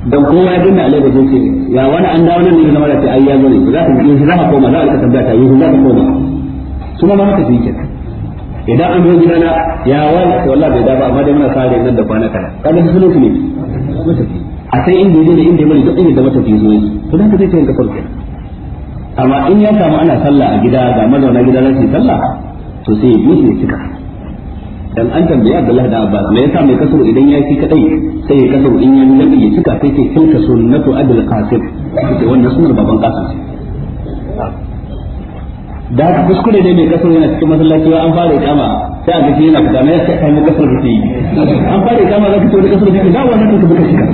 dan ko ya dinna alai da jinsi ne ya wani an dawo nan ne zama da ta ayya zane za ka yi za ka koma za ka tabbata yi za ka koma kuma ma haka shi idan an zo gidana ya wani wallahi bai da ba amma dai muna sare nan da kwana kana kada su sunan ne a sai inda yake da inda yake da duk inda matafi tafi yi to da ka zai tayin kafar amma in ya samu ana sallah a gida ga mazauna gida za su yi sallah to sai ya bi su ya cika dan an tambaye Abdullahi da Abbas me yasa mai kasuru idan ya fi kadai sai ya kasuru in yayi yi nabi ya cika sai ce na sunnatu Abdul qasim sai wannan sunan baban qasim da haka kuskure ne mai kasuru yana cikin masallaci an fara kama sai a gaji yana fita mai sai kai mu kasuru kake yi an fara ikama zaka ce wani kasuru kake da wannan kanka buka shiga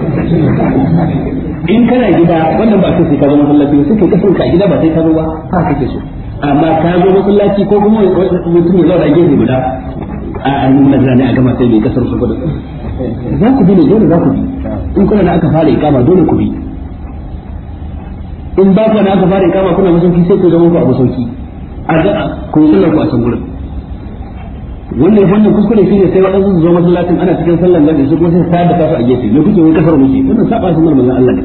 in kana gida wannan ba sai ka zo masallaci sai ka kasuru ka gida ba sai ka zo ba ka kake so amma ka zo masallaci ko kuma mutum ya zauna gefe guda a an muna jira ne a gama sai bai kasar su gudu za ku bi ne dole za ku bi in kuna da aka fara ikama dole ku bi in ba ku da aka fara ikama kuna masauki sai ku zama ku abu sauki a ga ku yi sallar ku a can gurin wannan wannan kuskure shi ne sai waɗansu su zo masallacin ana cikin sallar da su kuma sai ta da kasu a gefe ne kuke wani kasar muke wannan saba sunan manzon Allah ne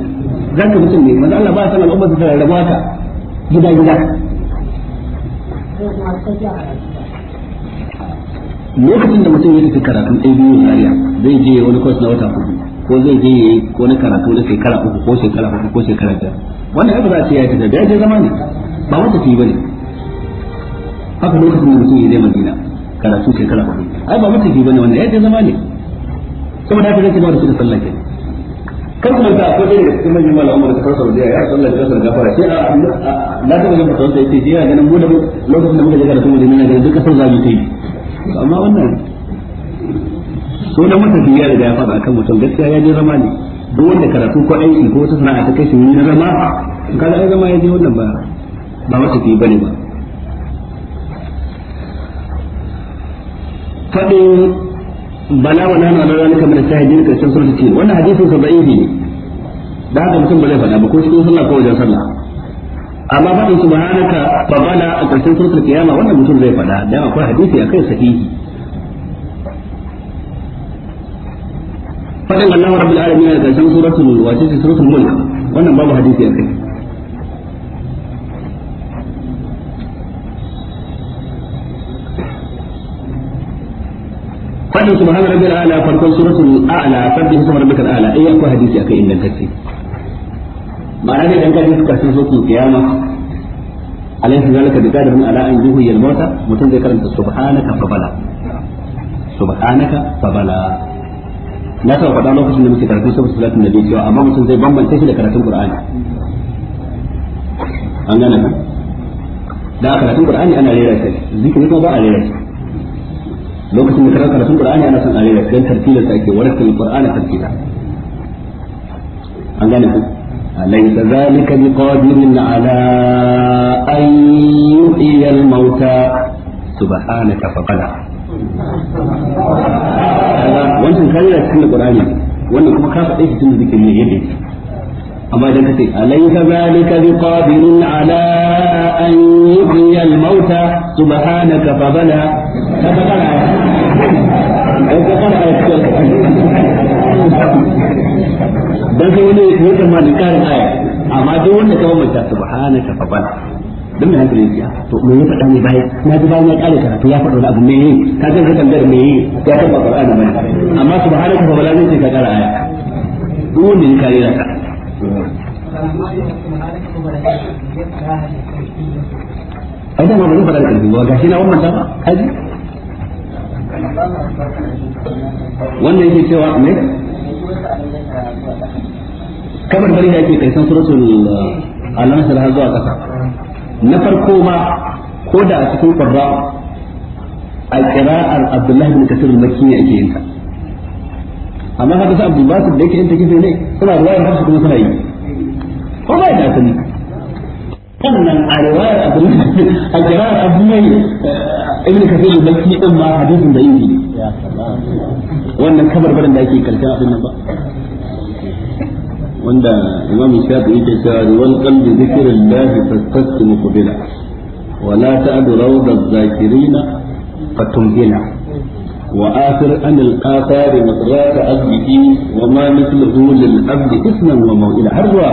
ka mutum ne manzon Allah ba san al'ummar ta rarrabuwa ta gida gida lokacin da mutum ya tafi karatun ɗaya biyu zariya zai je wani kwas na wata hudu ko zai je ya yi wani karatu na shekara uku ko shekara uku ko shekara biyar wannan ya za a ce ya tafi da je zama ne ba wata fi bane haka lokacin da mutum ya zai madina karatu shekara uku ai ba wata fi bane wannan ya je zama ne saboda haka zai ba da su da sallah kenan kan kuma da ko dai cikin manyan malaman da farsa da ya sallah da sallah gafara sai a na ta ga mutum da yake ya ganin mu da lokacin da muka je karatu madina da duka zabi ta yi amma wannan sunan mutum ya riga ya faɗa akan mutum gaskiya ya je zama ne duk wanda karatu ko aiki ko wata sana'a ta kai shi na zama ka da zama ya je wannan ba ba wata ke bane ba faɗin bala wa nana da ranar kamar shahidin karshen surat ce wannan hadisin sa da'ifi ne da haka mutum ba zai faɗa ba ko shi sallah ko wajen sallah amma faɗin subhanaka babala a ƙarshen suratul kiyama wannan mutum zai faɗa da akwai hadisi a akai sahihi faɗin Allah rabbil alamin a ƙarshen suratul wace suratul mulk wannan babu hadisi a kai fadin subhana rabbil a'la farkon suratul a'la fadin subhana rabbil a'la eh akwai hadisi akai ingantacce ma'ana ne dan kaji suka sun sokin kiyama alaihi zalika bi qadarin ala an yuhu yal mauta mutum zai karanta subhanaka fabala subhanaka fabala na sa faɗa lokacin da muke karatun sabu salatin nabi cewa amma mutum zai bambance shi da karatun qur'ani an gane ka da karatun qur'ani ana rera shi zikiri kuma ba a rera a أليس ذلك بقادر على أن يحيي الموتى سبحانك فقلا wancan kare da cikin Qur'ani wannan kuma ka faɗe shi tun zikin ne yake amma idan kace alaysa ala an yuhyiya mauta subhanaka fa dan sai wani ya kama da karin aya amma duk wanda subhanaka fa dan mai hankali ya to me ya faɗa ne na ji kare karatu ya faɗa abu me ka ga me ya qur'ani amma subhanaka fa bala zai ka kara aya duk kare ka ai yake cewa kamar bari da ake kaisan suratul uh, al-nasr har zuwa kasa na farko ma ko da cikin qurra a qira'ar abdullahi bin kasir al-makki yake yin ta amma haka sai abdul basit da yake yin ta kife ne suna ruwayar hafsu kuma suna yi ko bai da sani sannan a riwayar abdullahi a qira'ar abdullahi ibn kasir makki din ma hadisin da yi wannan kabarbarin da ake karshen abin nan ba wanda imam shafi yake cewa wal qalbi zikrillah fastaqimu qubila wa la ta'du rawda zakirina fatumhina wa akhir an al athar madrat abdi wa ma mithluhu lil abdi isman wa mawila har zuwa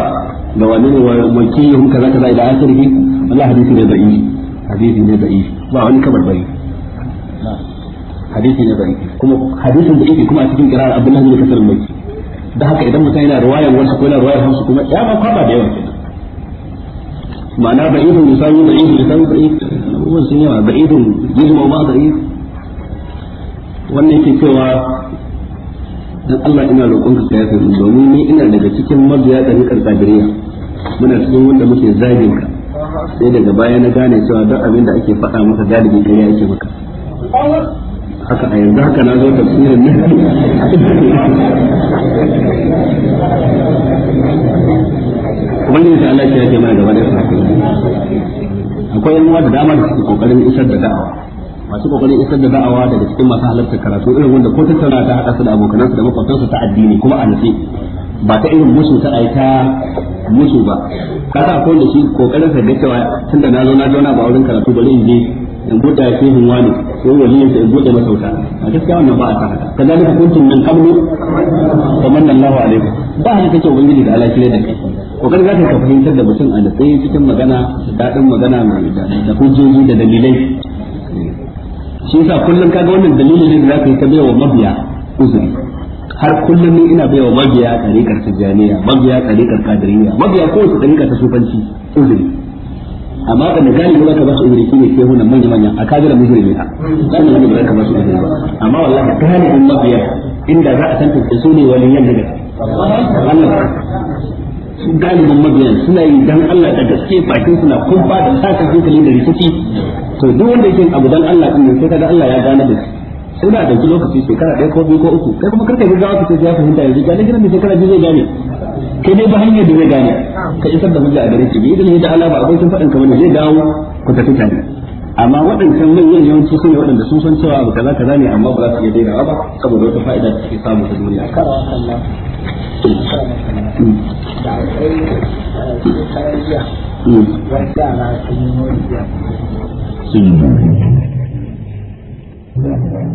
da wani ne wa makiyun kaza kaza da akhirih Allah hadisi ne da'i hadisi ne da'i ba wani kabarbari hadisi ne zai kuma hadisin da yake kuma a cikin kirar abdullahi bin kasar mai da haka idan mutane yana ruwaya wani ko yana ruwaya hamsu kuma ya ma kwaba da yawa kenan ma'ana da idun lisan da idun lisan da idun sun yawa da idun yizma ma da idun wannan yake cewa dan Allah ina roƙon ka ya fahimta domin ni ina daga cikin mabiya da nikar kadiriya muna cikin wanda muke zagin ka sai daga baya na gane cewa duk abin da ake faɗa maka galibi kai yake maka haka a yanzu haka na zo tafsirin ne ubangiji ta Allah ya ce mana gaba da safi akwai yan uwa da dama da suke kokarin isar da da'awa masu kokarin isar da da'awa daga cikin masu halarta karatu irin wanda ko tattauna ta haɗa su da abokanansu da makwabtansu ta addini kuma a nufi ba ta irin musu ta aita musu ba ka sa akwai da shi kokarin sa da cewa tunda na zo na zauna ba wurin karatu bari in je in buɗe ya shehin wani ko wani sa in buɗe masauta a gaskiya wannan ba a sa haka kazalika kuntum min qablu famanna Allahu alaikum ba haka kake ubangiji da Allah kire da kai kokarin zaka ka fahimtar da mutum a natsayi cikin magana daɗin magana mai da hujjoji da dalilai shi yasa kullum kaga wannan dalilin da zaka yi ta bayawa mabiya uzuri har kullum ni ina bayawa mabiya tariƙar tijjaniya mabiya tariƙar kadiriya mabiya kowace tariƙa ta sufanci uzuri amma da gani ba ka ba su uzuri shine sai hunan manya manya a kaga da mujrimi ha dan ne ba ka ba su uzuri ba amma wallahi ma biya inda za a tantance su ne yan daga Allah su mun mabiyan suna yi dan Allah da gaske bakin suna kumfa da sakin hankali da rikici to duk wanda yake abu dan Allah din sai kaga Allah ya gane da shi ina da dauki lokaci shekara ɗaya ko biyu ko uku kai kuma karka gaggawa ka ce ya fahimta yanzu ga gidan da shekara biyu zai gane kai dai ba hanyar da zai gane ka isar da hujja a gare shi idan ya da Allah ba sun faɗin ka bane zai dawo ku tafi tare amma waɗancan manyan yawanci su ne waɗanda sun san cewa abu kaza kaza ne amma ba za su iya daina ba saboda wata fa'ida da suke samu ta duniya Thank eh, hmm. you.